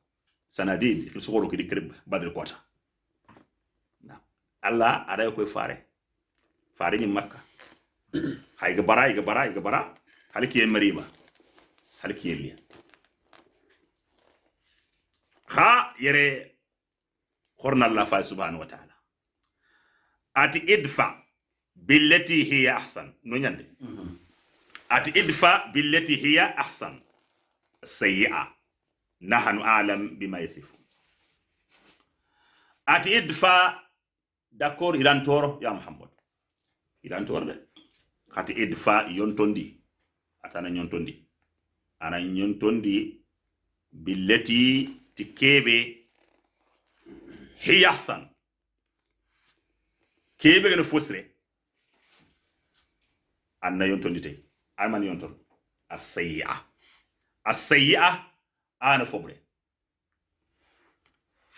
A: sanadil khir sugoro ki krib badru kota na alla ara ko faare faare ni makka hay ga bara ga bara ga bara halki en mariba halki en liya ha yere horna allah fa subhanahu wa ta'ala ati idfa billati hiya ahsan no -hmm. ati idfa billati hiya ahsan sayi'a nahnu alam bima yasif ati idfa d'accord toro ya muhammad toro de hati idfa yontondi atana yontondi ana yontondi billati ti keɓe hiyahsan keɓe gene fosre anna yontondi tey aman yonton asayia asayia ana fobre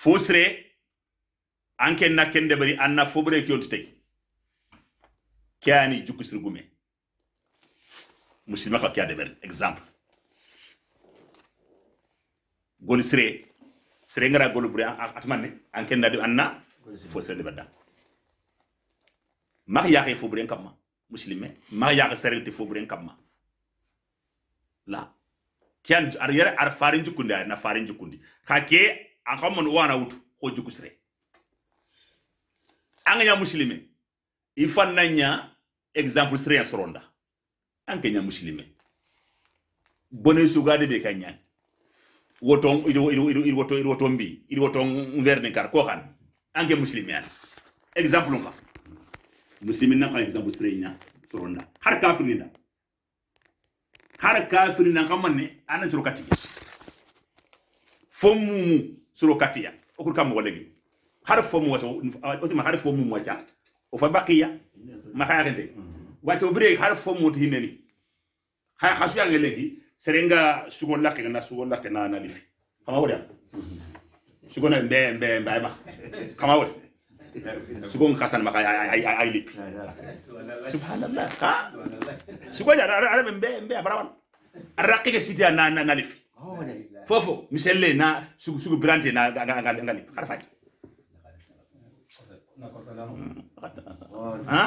A: fosre anke nakende bari anna fobre ki yonti tey keani jukkusirgume musidma ka kya de deɓeri exemple gol sire sire ngara gol buri atmanne an ken nadi anna fo sire de badda mak yaqe fo buri kamma muslime mak yaqe sire te fo buri kamma la kian ar yare ar farin jukundi na farin jukundi kake an kamon wana wutu ko juku sire an ya muslime ifan nanya exemple sire soronda an kenya muslime bone sugade be kanyan wotong il woto il woto ido wotombi ido wotong verne kar ko kan ange muslimian exemple nga muslimin na kan exemple sirenya soronda har kafirin da har kafirin nan kaman ne anan turo katiya fomu suro katiya okur kam wolegi har fomu wato ma har fomu wacha o fa baqiya ma khayrente mm-hmm. wato bire har fomu tineni ha ya ngelegi serenga sugolla ke na sugolla ke na na lifi kama wori sugona mbe mbe mbe ba kama wori sugon kasan maka ay ay lipi subhanallah ka sugonya ara ara mbe mbe abarawan araqi ke siti na na na lifi fofo miselle na sugu sugu brante na ga ga ga lipi kada fati ha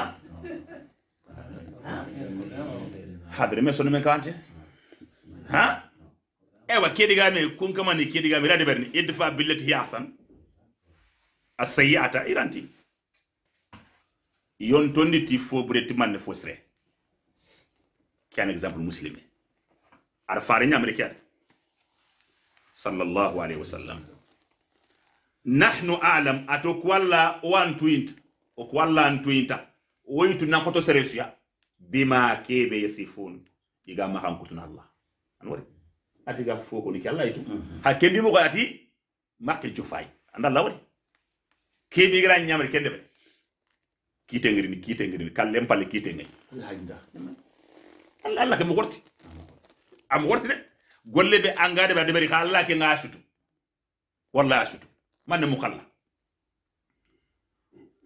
A: habire me sonu men kante ha ewa kedi me kun kama ni kedi game rade berni idfa billati hasan asayyata iranti yon tondi ti fo bureti man fo sre ki an exemple muslimi ar fare nyam rekat sallallahu alaihi wasallam nahnu a'lam atokwalla wan twint okwalla ntwinta woyitu nakoto seresuya bima kebe yasifun igama hankutuna allah anore ati ga fo ko ni Allah itu ha kendi mo ati makki jufay anda Allah wari kebi gran nyamri kende be kite ngiri ni kite ngiri kallem palle kite ngai Allah Allah ke mo am gorti de golle be angade be debari ka Allah ke nga sutu walla man mo khalla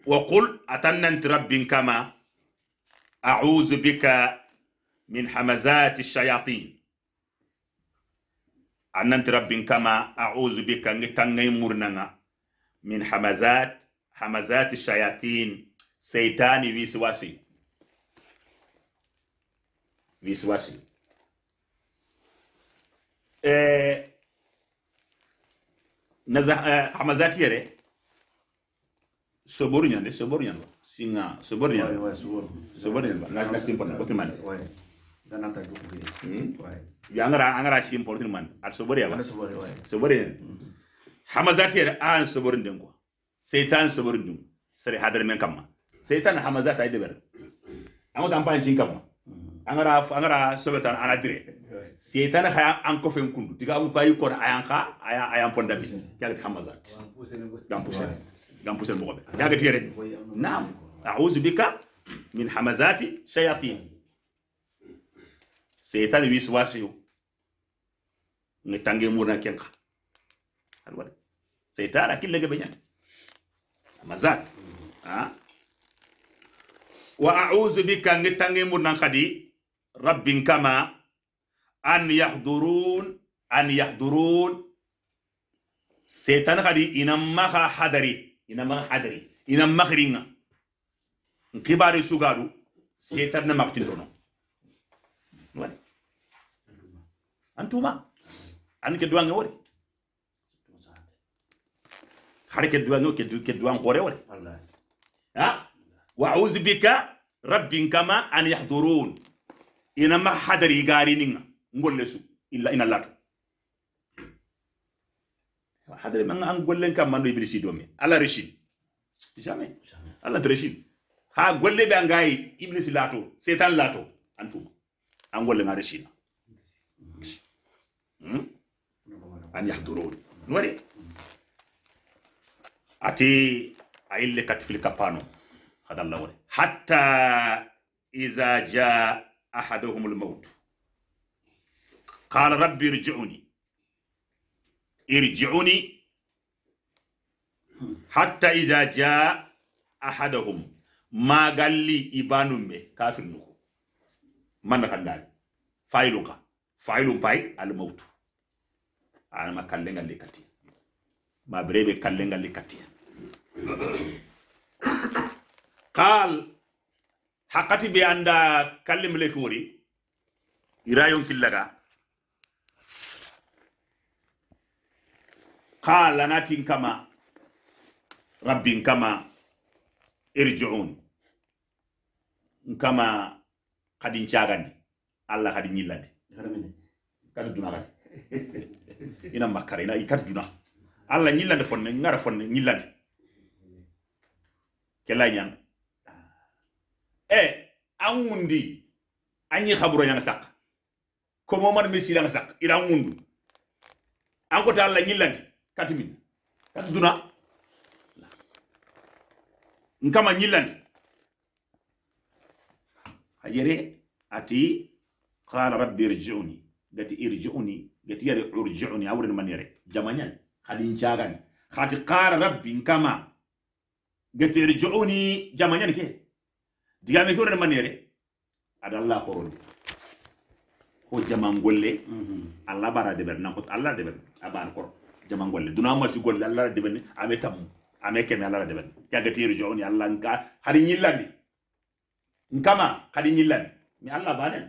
A: wa qul atannant rabbin kama a'udhu bika min hamazati ash-shayatin annan rabbin kama a'udhu bika ngi tangay murnanga min hamazat hamazat shayatin seitani wisiwasi wisiwasi eh naza eh, hamazat yere sobor ñande sobor ñan singa sobor ñan na ñan na simple botimane danata dukki ngara ngara shim portin man at sobori ba sobori hamazat ya an soborin din ko setan soborin din sare hadar men kamma setan hamazati ay deber an ta ampan cin kamma angara angara sobetan ana dire setan khaya an ko fen kundu diga ko ayi ko ayan kha ayan ayan ponda bi kal hamazati dan pusen dan pusen mo be daga tiere nam a'udhu bika min hamazati shayatin setan wiswasiyo ngi tange murna kenka alwala sai tara kille ga benya mazat ha wa a'udhu bika ngi tange murna kadi rabbin kama an yahdurun an yahdurun setan kadi inamma hadari ina inamma hadari inamma khringa nkibari sugaru setan na maktin tono antuma an ke duwange wore har ke duwange ke ke duwan kore wore ha wa a'udhu bika rabbin kama an yahdurun ina ma hadari gari ninga ngolle su illa ina latu hadari manga an gollen kam mando iblisi domi ala rishid jamais ala rishid ha golle be angayi iblis lato setan lato antu an golle ngare shina hmm? أن يحضرون نوري أتي أيل في الكابانو هذا الله وري حتى إذا جاء أحدهم الموت قال ربي ارجعوني ارجعوني حتى إذا جاء أحدهم ما قال لي مي كافر نكو من قال فايلوكا فايلو باي الموت anama kallenga li kati ma berebe kallenga li kati qal hakati be anda kallim le kuri irayon killaga qala natin kama rabbin kama irji'un nkama kadin cagandi allah kadin yillandi kadin duna kadi ina makara ina ikat duna alla ñillande fonne ngara fonne ñillande kella ñanga ah. e eh, an wundi anyi xaburo ñanga sak ko momar si ñanga sak ila wundu an ko ta alla ñillande katimin kat duna nkama ñillande a yere ati qala rabbi irji'uni gati irji'uni gati yare urji'uni awrin manere jamanyan hadin chagan khati qara rabbin kama gati irji'uni jamanyan ke digame ke wurin manere adalla horon ko jaman golle mhm. allah bara de berna ko allah de berna abar ko jaman golle duna ma su golle Allah de berna ame tam ame kemi alla de berna gati irji'uni allah nka hadin yillandi nkama hadin yillandi mi Allah banen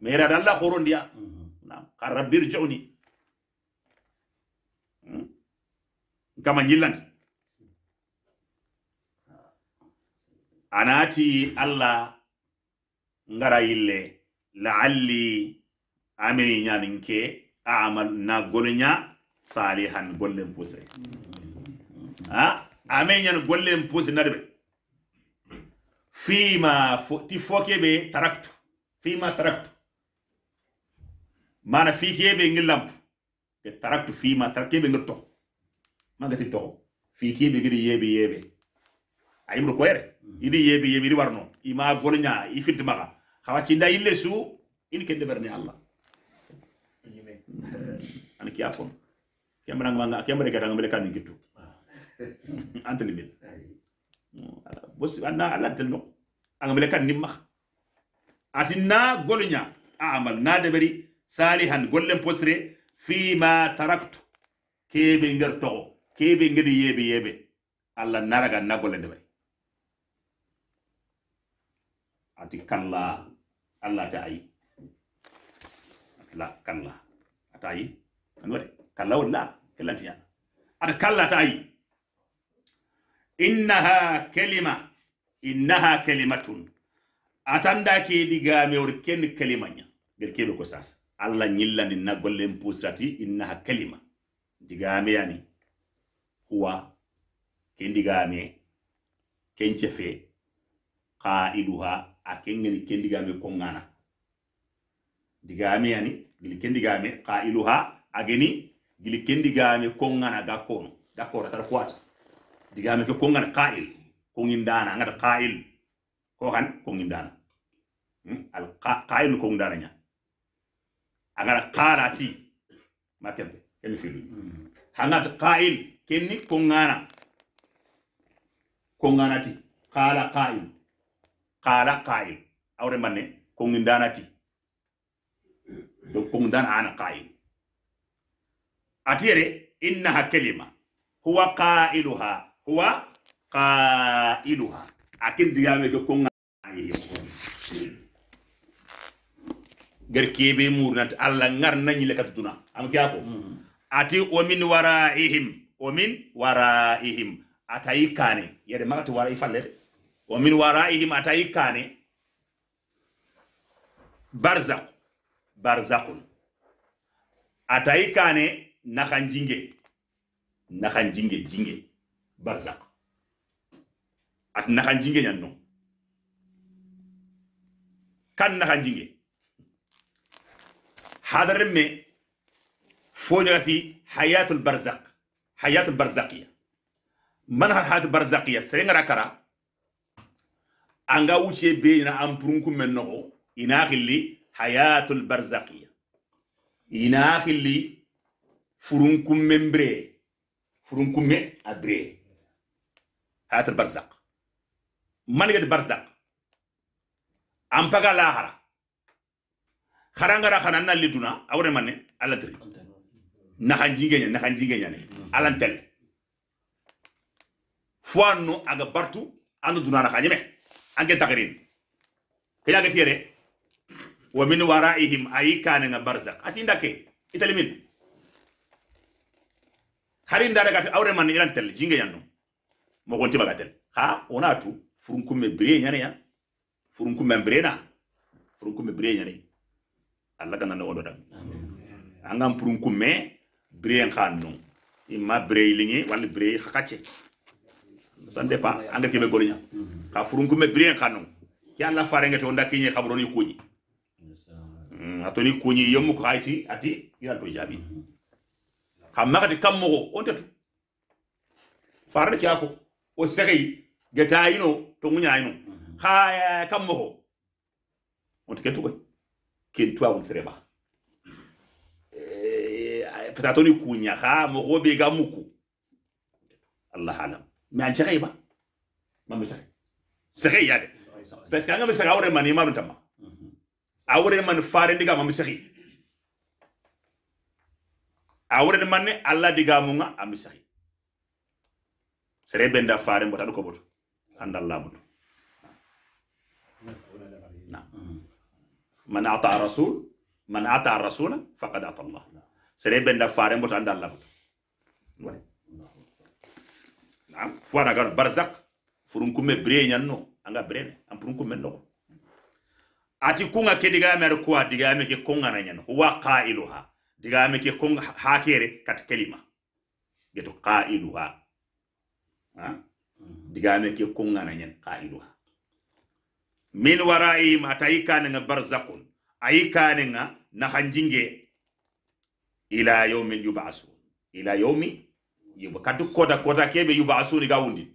A: mi era dalla horon dia mhm. nam ka rabbir kama ñillanti anati allah ngara yille laalli ameni ñanin ke amal na goloña salihan gollen puse a ameni ñan gollen puse nade ɓe fima ti foke ɓe taraktu fima taraktu mana fi kebe ngi lamp ke taraktu fi ma tarak kebe ngi to ngati to fi kebe gidi yebe yebe ay mu ko yere mm. idi yebe yebe di warno ima golnya i fit maga xawa ci nday yille su in ke de berne allah ani ki afon nga nga kembra ga ngam le kan gitu antani min bos anna ala telno ngam le kan nimma atina golnya amal na deberi salihan gollen posre fima taraktu kebe nger togo kebe ngedi yebe yebe allah naraga nagolende bay ati kalla allah ta ayi la kalla ata ayi an wari kalla wala kellanti yana ata kalla ta ayi innaha kelima innaha kelimatun atanda ke digame wor ken kelimanya gerkebe ko sasa allah ñillani na gollen inna hak kalima ndigameyani huwa kendi chefe kencefe qaiduha a kengeni ke ndigame kongana yani gili ke ndigame qaiduha ageni gili ke ndigame kongana ga kono ga kora tara kuwata digame ke kongana qail kongindana ngata qail kokan kongindana hmm? al qail kongindana nya agara qarati makembe kemi filu hangat qail kenni kongana kongana ti qala qail qala qail awre manne kongindana ti do kongindana ana qail atiere innaha kalima huwa qailuha huwa qailuha akin digame ko gar kebe murnat allah ngar nañi le katutuna am ke ko mm-hmm. ati omin waraihim omin waraihim atayi kane yede magati wara i wara ihim ata atayi kane barzak barzakun atayi kane nakan jinge nakan jinge jinge barzak at nakan jinge ñan non kan nakan jinge هذا الرمي فوجاتي حياة البرزق حياة البرزقية من حياة البرزقية سرين ركرا أنغا وشي بينا أمبرونكم من نغو إناخلي حياة البرزقية إناخلي فرونكم من بري فرونكم من أبري حياة البرزق من قد برزق أمبقى لاهرة harangara khana na duna awre manne alla tri nahan jingenya nahan jingenya ne alan tel fuanno aga bartu anu duna na khanyeme anke takrin kaya ga tiere wa min waraihim ay kana nga barzak atinda ke italimin harin da daga awre manne ilan tel jingenya no mo gonti baga tel ha onatu furun kumme bire nyane ya furun kumme bire na furun kumme bire nyane Allah kan no ododa angam purun me bre khannu imma bre lingi wali bre hakace. san depa anga kebe golinya ka furun me bre khannu ki alla farenge kuni hmm, ato ni khabroni atoni kuni yomu ko ati ila to jabi di kati mogo on tu. farne ki ako o segi geta ino to munya ino kha kammo e kentuagun sereba eh, pesatoni kuñaha mogo be ga muku allah alam me an cegey e ba ma me mame sege sege yade e parce que nga me sege awre mani maru tamba awre man fare ndiga mame sege awre ne allah diga munga ami sege sere benda fare mbota ko boto andallah mo man ata rasul man ata rasula faqad ata allah sere benda fare mboto anda allah mboto woni nam fo daga barzak furun kumme bre nyanno anga brene am furun kumme no ati kunga ke diga mer ko diga me ke kunga na nyan huwa qailuha diga me ke kunga hakere kat kelima geto qailuha ha mm-hmm. diga me ke na min waraihim ata i barzakun a i kanenga nahanjinge ila yaumin yubasun ila yaumi yuba kadu koda koda kebe yubasun ga wundi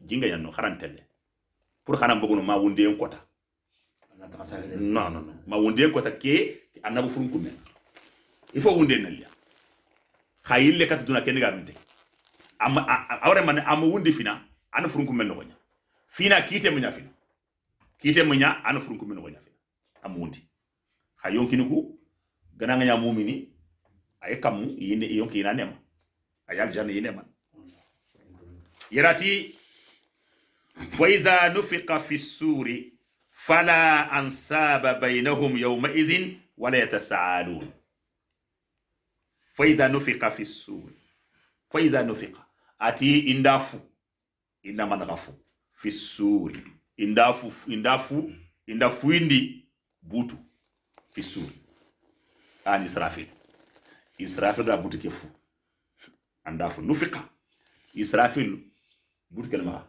A: jinga yanno harantelle pour hanan bogunu ma wundi en kota non non non ma wundi en kota ke annabu furun kumen il faut wundi nalya khayille katuna kenega minte am awre man am wundi fina an furun kumen no gonya fina kite munya fina kite munya ano furun kumin gonya fina amundi ha kini ku gana gananga nya mumini ay kamu yinde yonki ina nema ayal janna ina nema yarati wa idha nufiqa fi suri fala ansaba bainahum yawma idhin wala yatasaalun fa idha nufiqa fi suri fa idha nufiqa ati indafu inda man fisuri indafu indafu indi butu fisuri an ah, israfil israfil da butu ke fu andafu nufika israfil butu kelma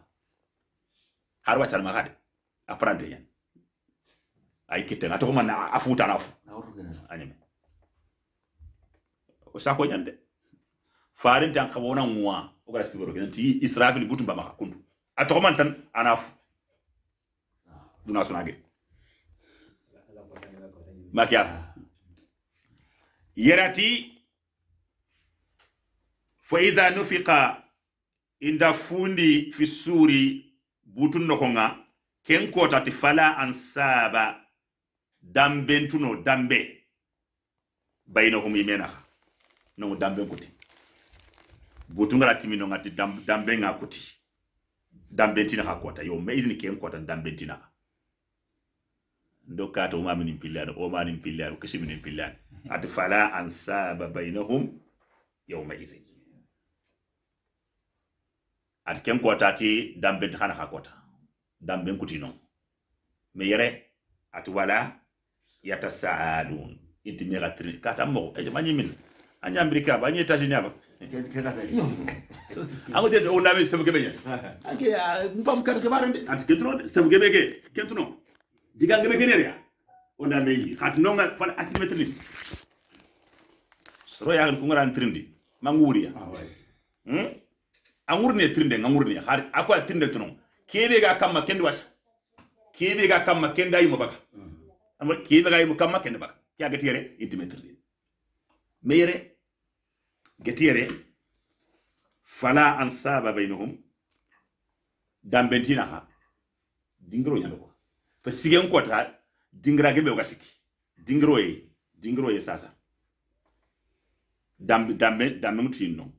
A: har wa calma kade aprante yan ay kitten atoko man afuta nafu anyame o sako nyande farin tan kabona ngwa o gara siboro kan ti israfil butu ba maka kundu a tɔgɔ man tan a naaf duna sunage makiya yerati fo ida nufiqa inda fundi fi suri butun nokonga ken kotati fala ansaba dambentuno dambe bainahum imenaha nongo damben kuti butungara timinongati dambe nga kuti dambentina ha kota yo maisini ken kota dambentina ka ndokkata o maminin pillani o manin pillani o kisiminin pillani mhm. ati fala ansaba bainahum yawma isin ati ken kota ti damben hana ha kota damben kuti non me yere ati wala yatasaalun inti mira trin kata mo e jama nyimin anya amerika ba nyi tajini aba ango te o ndame sef gebe nya ake mpam kar kebarende ati kentuno sef gebe ke kentuno diga gebe ke neria o ndame yi hat nonga fal ati metri soro yagan ko ngara trindi manguriya hmm angurne trinde ngangurne har akwa trinde tuno kebe ga kamma kendi wasa kebe ga kamma kenda yimo baka mm. amma kebe ga yimo kamma kendi baka kya gatire intimetri meyere getiere fala ansaba bainahum dambentina ha dingro ñande ko fa sigen kota dingra ɓe oga siki dingro e dingro ye sasa dam dam dam mutu yin non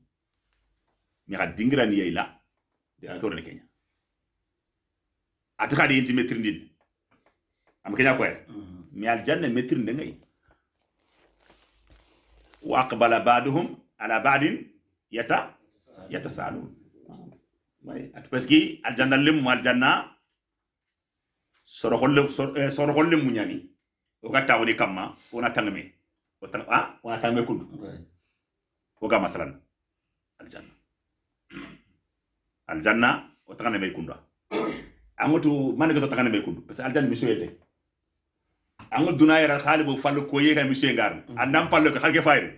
A: mi ha dingra ni yayla de aka wona kenya atra kadi yinti metri ndin am kenya ko mm-hmm. mi aljanna metri ndengai wa aqbala ba'dhum ala badin yata yatasalun ati parceque aljanna lemu aljanna soroxolle muñani oga tawoni kamma wona tangme a wona ah, tangme kundu oga masalan aljanna aljanna o tagana me kunda angoto manega to tagana me kundu parce que aljanna mi soyete ango duna yara khalibu fallo koyega mi soyengar andam pallo ko halke fayre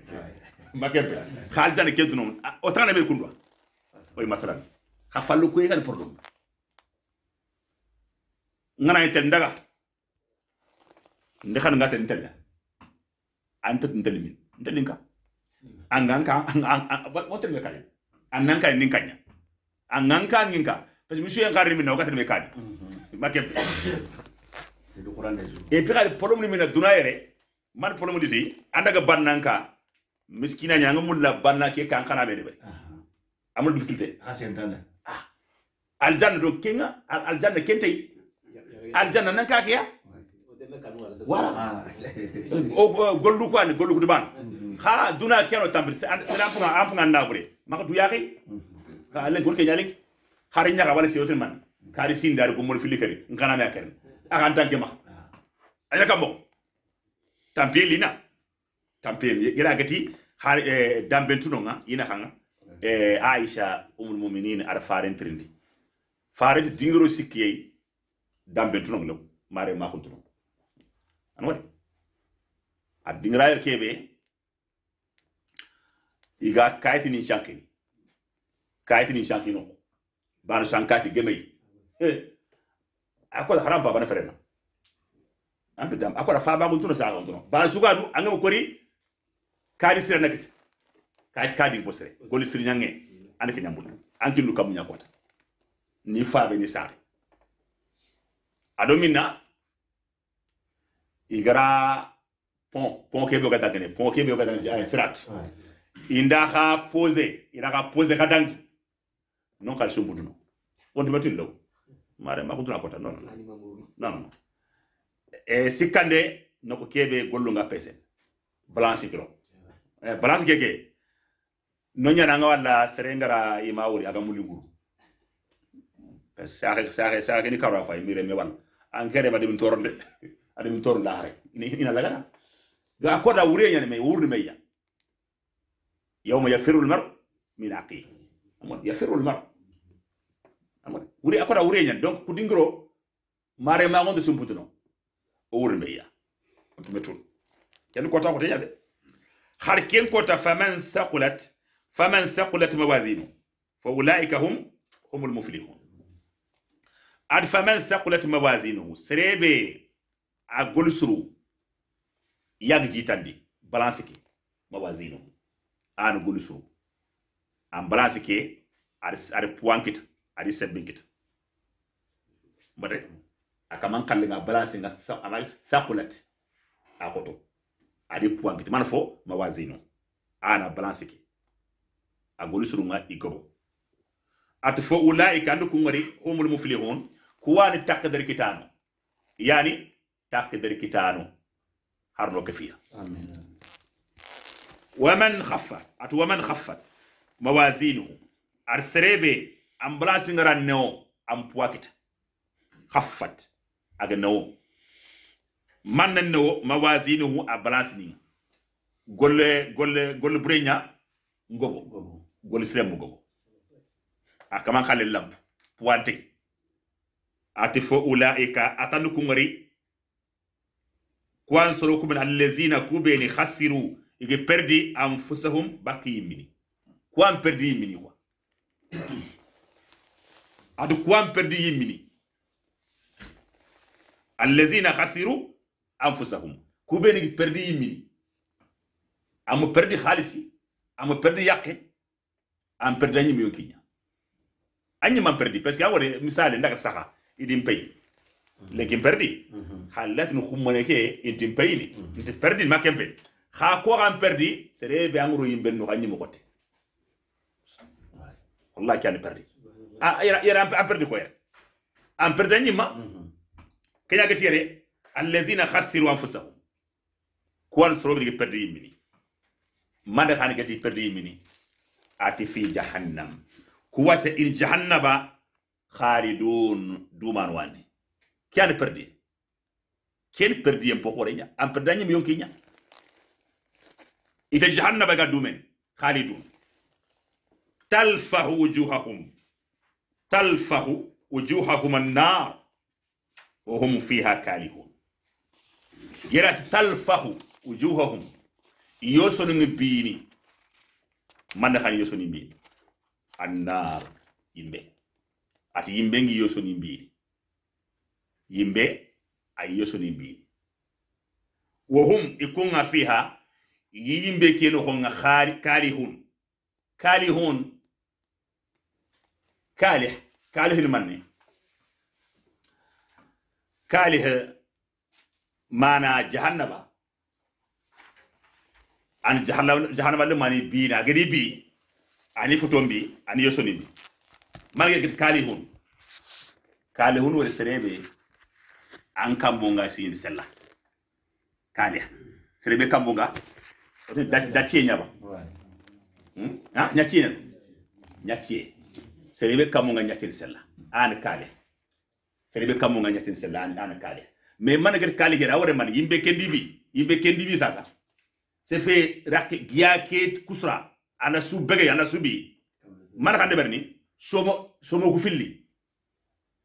A: makempe khalitane kentuno o tagana e be kundwa oy masalan kha fallu ko yegal e problem ngana ite ndaga nde xan ngata iten da anta nteli min nteli ka anganka wote me kali ananka nin kanya anganka nginka parce que monsieur ngari min ngata me kali makempe et puis le problème ni mena dunaire man problème di anda ga bannanka miskina ñanga mulla banna ke kan kana mede bay amul difficulté ha sentana ah. aljanna do kenga aljanna kentay aljanna nan ka kiya wala ah. o gollu ko gollu ko ban mhm. ha duna keno tambir du ka mhm. gol ke wala sin mhm. dar ko ngana me ma kambo tampeni gera gati har e eh, dambentunonga ina hanga e aisha umul muminin ar farentrindi farenti dingiro sikkiyey dambentunong lew mare makuntunong an waɗi a dingirayo keɓe iga kayitinin cankini kayitinin cankino bano sankati gemeyi akola haram babana ferena ampe dam akola fabaguntuno sagaguntuno bano suganu angemo kori kaari sira nakiti kaati kaadi bo sere goli siri ñange ande ke ñambuna an jindu kam ñakota ni faabe ni saare ado minna igara pon pont kebe ga dangane pont kebe ga dagane ay sirat inda ha pose ida ha pose ka dangi non kal sumbu no on tuma lo mare ma kutuna kota non non non e eh, sikande noko kebe gollunga pesen blanche kilo Eh, balance keke no ñananga walla serengara ima e wori aga mulinguru eh, saka keni karo fay e mi reme walla ankere ba demin tornde ademin tornde ahare ina lagana ga koda wuri ñane me wurni meya yawma yafiru almar min aqi amon yafiru almar amon wuri akoda wuri ñane donc ku dingro mare ma gonde sumputuno o wurni meya on tumetun ken ko ta ko teñade har ken kota faman thaqulat faman thaqulat mawazinu fa ulaika hum humul muflihun ad faman thaqulat mawazinu serebe a golsuru yag jitandi balance ke mawazinu an golsuru an balance ke ar ar puankit ar sebinkit mare akaman kallinga balance nga samal thaqulat akoto ale puan kiti mana fo mawazinu ana balance ki agolu surunga igobo ati fo ulaika andu kungari humul muflihun kuwani takdir kitano yani takdir kitano harno kafiya amin waman khaffa ati waman khaffa mawazinuhu arserebe ambulance ngara neo ampuakita khaffat aga neo mannan no mawazinu a balasni golle golle golle brenya ngobo golle srem ngobo a kama khale lamp puante ati fo ulaika e atanu kungari kwan soro kumen allazina kubeni khasiru ige perdi anfusahum baki mini kwan perdi mini kwa adu kwan perdi mini allazina khasiru أنفسهم كوبيني بردي يميني أم بردي خالصي أم بردي يقي أم بردي أني ميوكينيا أني ما بردي بس يا وري مثال عندك سخا يدين بي لكن بردي حالات نخم منك أنت لي أنت بردي ما كم بي خا كوا عم بردي سري بأمر يمبل نغني مقتي والله كان بردي آه يرا يرا أم بردي كوير أم بردي أني ما كنا كتير allazina khasiru anfusahum kuwan sorobe digi perdi yimini manda khani gati perdi yimini ati fi jahannam kuwata in jahannaba khalidun duman wani kiani perdi ken perdi en pokore nya am perdanyam yonki nya ita jahannaba ga dumen khalidun talfahu wujuhahum talfahu wujuhahum an-nar wa hum fiha kalihun yerati talfahu wujuhahum yosonu biini manda kan yosoni biini annar yimbe ati yimbe ngi yosoni biini yimbe ay yosoni biini wahum ikunga fiha yimbe keno honga khari kalihun kalihun kalih kalih manne kalih mana jahannaba an jahannaba le mani bi na gadi bi ani futon bi ani yosoni bi malge kit kalihun kalihun wal serebe an kambonga sin sella kalia serebe kambonga datie nyaba hmm? ha nyatie nyatie serebe kambonga nyatie sella an kale serebe kambonga nyatie sella an kale mais man ngir get kaligere wara man yimɓe kendiɓi yimɓe kendiɓi sasa c'est fait rak giya ke kusra ala su bege ala suɓi mana xa ndeɓer ni somo somoku filli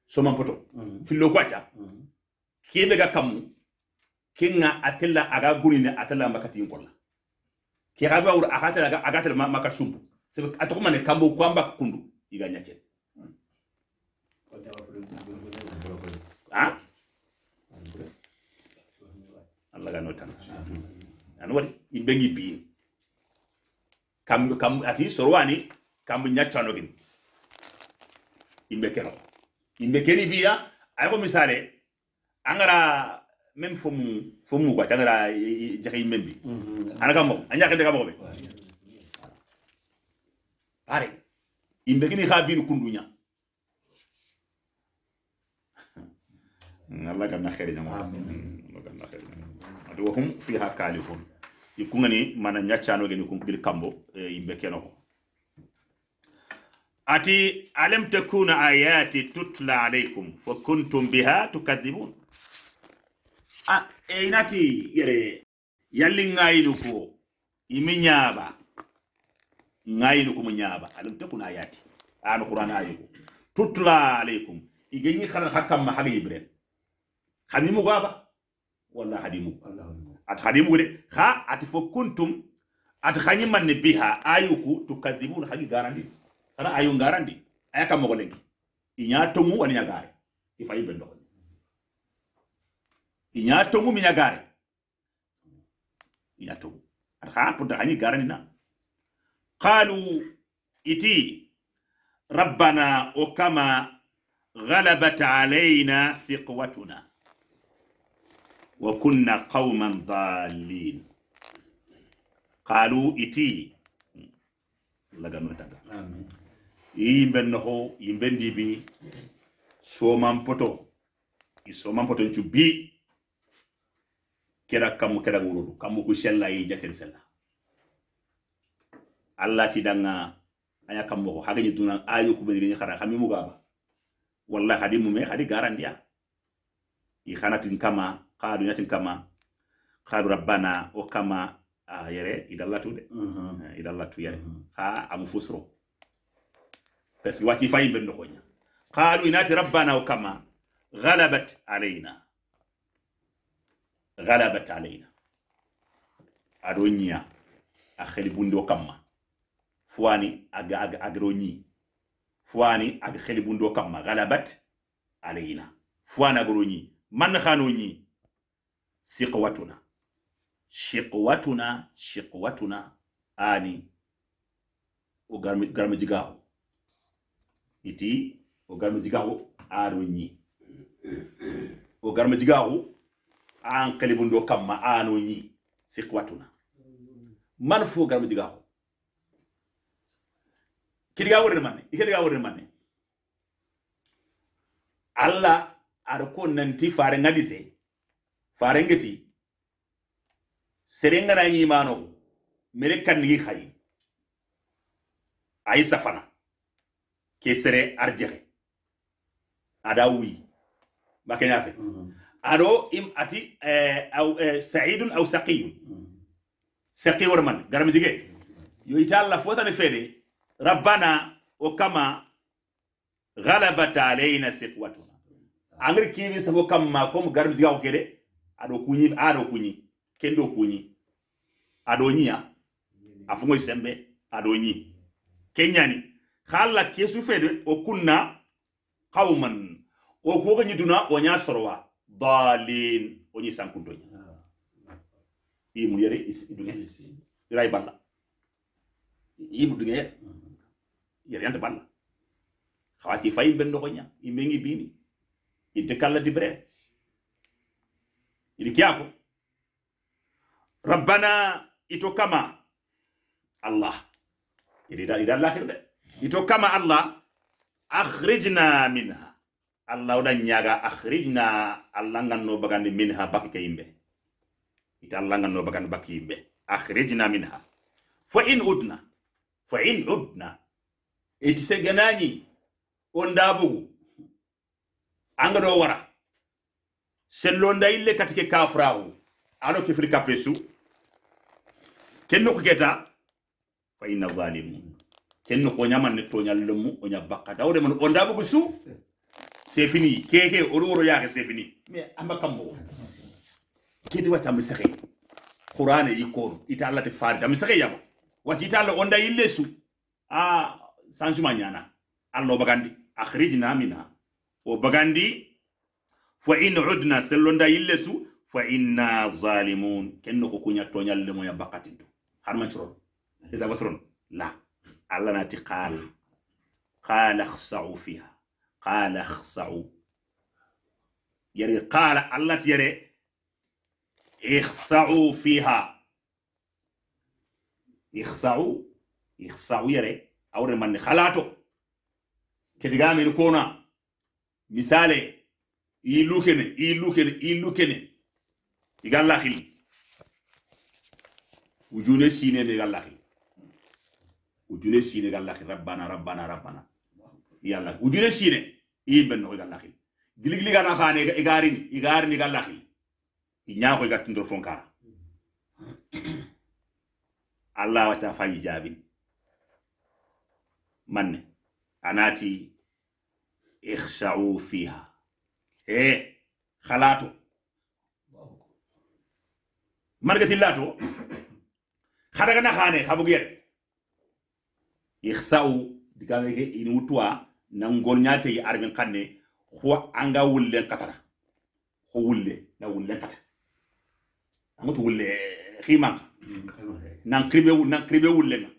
A: soman poto mm-hmm. fillo ku acca mm-hmm. keɓe ga kammu kenga atella aga gunine atella makati kolla ke xa ɓe wur axatela agatela maka sumbu fait a toxumane kambo ku amba kundu iga mm. ah laga no tan an wati kam kam ati sorwani kam nyachano biya ay misale angara même fomu fomu ko tangara jaxi membi mhm. ana mo anya kende kam be pare in be kundunya jamaa ado wahum fiha kalihun ikungani mana ñaccanogeni kun gil kambo e, imbe kenoko ati alam takuna ayati tutla alaykum wa kuntum biha tukadhibun a e inati yere yalli ngayinu ko imi ñaaba ngayinu ko mu ñaaba alam takuna ayati an qur'an ayiku tutla alaykum igenyi khalan hakam mahali ibren khamimu gaba walla hadimugu ati hadimugu de ha ati fo kuntum ati hanyi manne biha ayuku tukadhibun hagi garandi kana ayu garandi ayaka mogo lenki inya tongu wani nyagare ifa ibe ndo inya tongu mi gare inya tongu ati ha puta hanyi garandi na qalu iti rabbana okama غلبت علينا سقوتنا wa kunna qauman dhalin qalu iti lagano taga yimɓe noho yimɓe ndibi soman poto i soman poton cubbi kera kammu kera wurodu kammu ku sella yi jaten sella allah ti danga aya kammo ko hagañi duna ayu ku ɓeniriñi xara xami mugaba walla hadi mume hadi garandiya i hanatin kama hadu nyatin kama hadu rabbana o kama a yere idallatu de uh-huh. eh, idallatu yere ha uh-huh. amu fusro parce que wati fayi ben ko nya inati rabbana o kama غلبت علينا غلبت علينا أدونيا أخلي بندو كما فواني أج أج أجروني فواني أخلي بندو كما غلبت علينا فوانا أجروني man khano nyi siqwatuna shiqwatuna shiqwatuna ani o garmi garmi jigaho iti o garmi jigaho aro nyi o garmi jigaho an kalibundo kamma ano nyi siqwatuna man fo garmi jigaho kidiga wurni manne ikediga wurni manne alla arko nanti farenga dise farengeti serenga na yimano mere kanni khayi ay safana ke sere arjexe ada wi makenya fe mm-hmm. ado im ati eh, aw eh, sa'idun aw saqiyun mm-hmm. saqi warman garam jige yo italla fota ne fede rabbana o kama غلبت علينا سقوتهم angri kibi sabo kamma kom garbi diga okere ado kunyi ado kunyi kendo kunyi ado nya afungo isembe ado nyi kenyani khalla kesu fede o kunna qauman o ko ganyi duna o nya sorwa dalin o nyi sankundo nya i mu yere is dunya ray balla i mu dunya mm-hmm. yere yanta balla khawati fayin ben ko nya i mengi bini inte kalla dibere idi kiyako rabbana ito kama allah d'a ida lahir de ito kama allah akhrijna minha allah oda ñaga akhrijna allah nganno bagandi minha bakki ke yimɓe ita allah nganno bagandi bakki yimɓe akhrijna minha fa in udna fa in udna iti segenañi o ndabugu anga do wara sellonda ille katike kafrawu ano kifiri kapesu kenno ko keta fa inna zalimun kenno ko ñamanne toñal lommu o ña bakka dawde man on dabugo su c'est fini keke oɗo woro yaake c'est fini mais amba kammo kedi wacca mi sehe yi kono ita allah te faarita mi sehe yama ita allah onda ille su a ah, changement ñana allah bagandi akhrijna mina o bagandi fa in udna sellonda yille su fa inna zalimun kenno ko kuña toñalle moya bakkatinto harmatiron isa basron la allah nati qala qala khsa'u fiha qala khsa'u yare qala allah ti yare ikhsa'u fiha ikhsa'u ikhsa'u yare awre manne khalato ko na. misale i lukene i lukene i lukene iga lakhili ujune sine ne iga lakhili ujune sine ga lakhili rabbana rabbana rabbana ya allah ujune sine i benno iga lakhili giligili ga na khane iga i iga rini iga lakhili inya ko iga tindor fonkara allah wa wata fayi jabi manne anati ikhshau fiha e khalato khada khadagana khane khabugere ikhsau digameke in na nangol nyate armin khane ho anga wulle katara ho wulle na wulle kata amutu wulle khima nan kribe nan kribe wulle na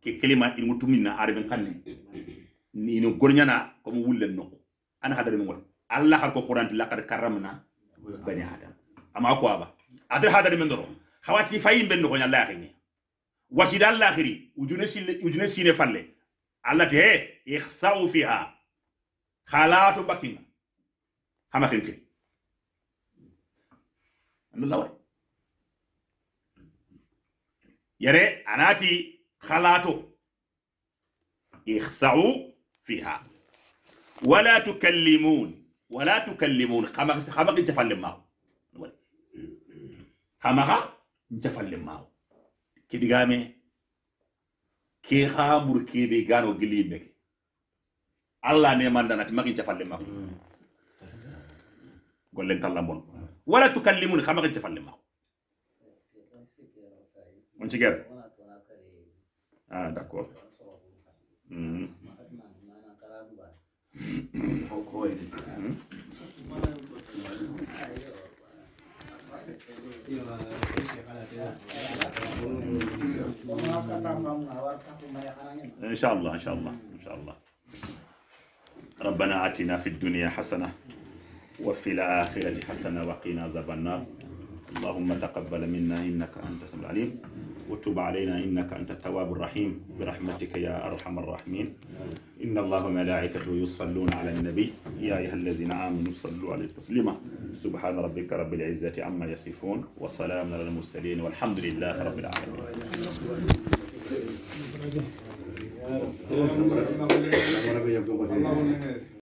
A: ke kelima in wutumina armin khane ni no gornyana comme wullen nokku an hadare min wala allah har ko quranti laqad karramna bani adam ama ko aba adar hadare min doro hawati fayin ben nokko allah khini wati dal akhiri ujune sile ujune sine falle allah te ihsa'u fiha khalatu bakinga hama khinkiri andu lawai yare anati khalato ihsa'u fiha wala tukallimun wala tukallimun kama kama kichafalle mao kama ka nchafalle ki digame ke ha murkebe gano gilimbe Allah ne manda nati maki nchafalle golen gollen wala tukallimun kama kichafalle mao on ger ah d'accord mm -hmm. إن شاء الله إن شاء الله إن شاء الله ربنا آتنا في الدنيا حسنة وفي الآخرة حسنة وقنا عذاب النار اللهم تقبل منا إنك أنت السميع العليم وتوب علينا إنك أنت التواب الرحيم برحمتك يا أرحم الراحمين إن الله وملائكته يصلون على النبي يا أيها الذين آمنوا صلوا عليه تسليما سبحان ربك رب العزة عما يصفون والسلام على المرسلين والحمد لله رب العالمين اللهم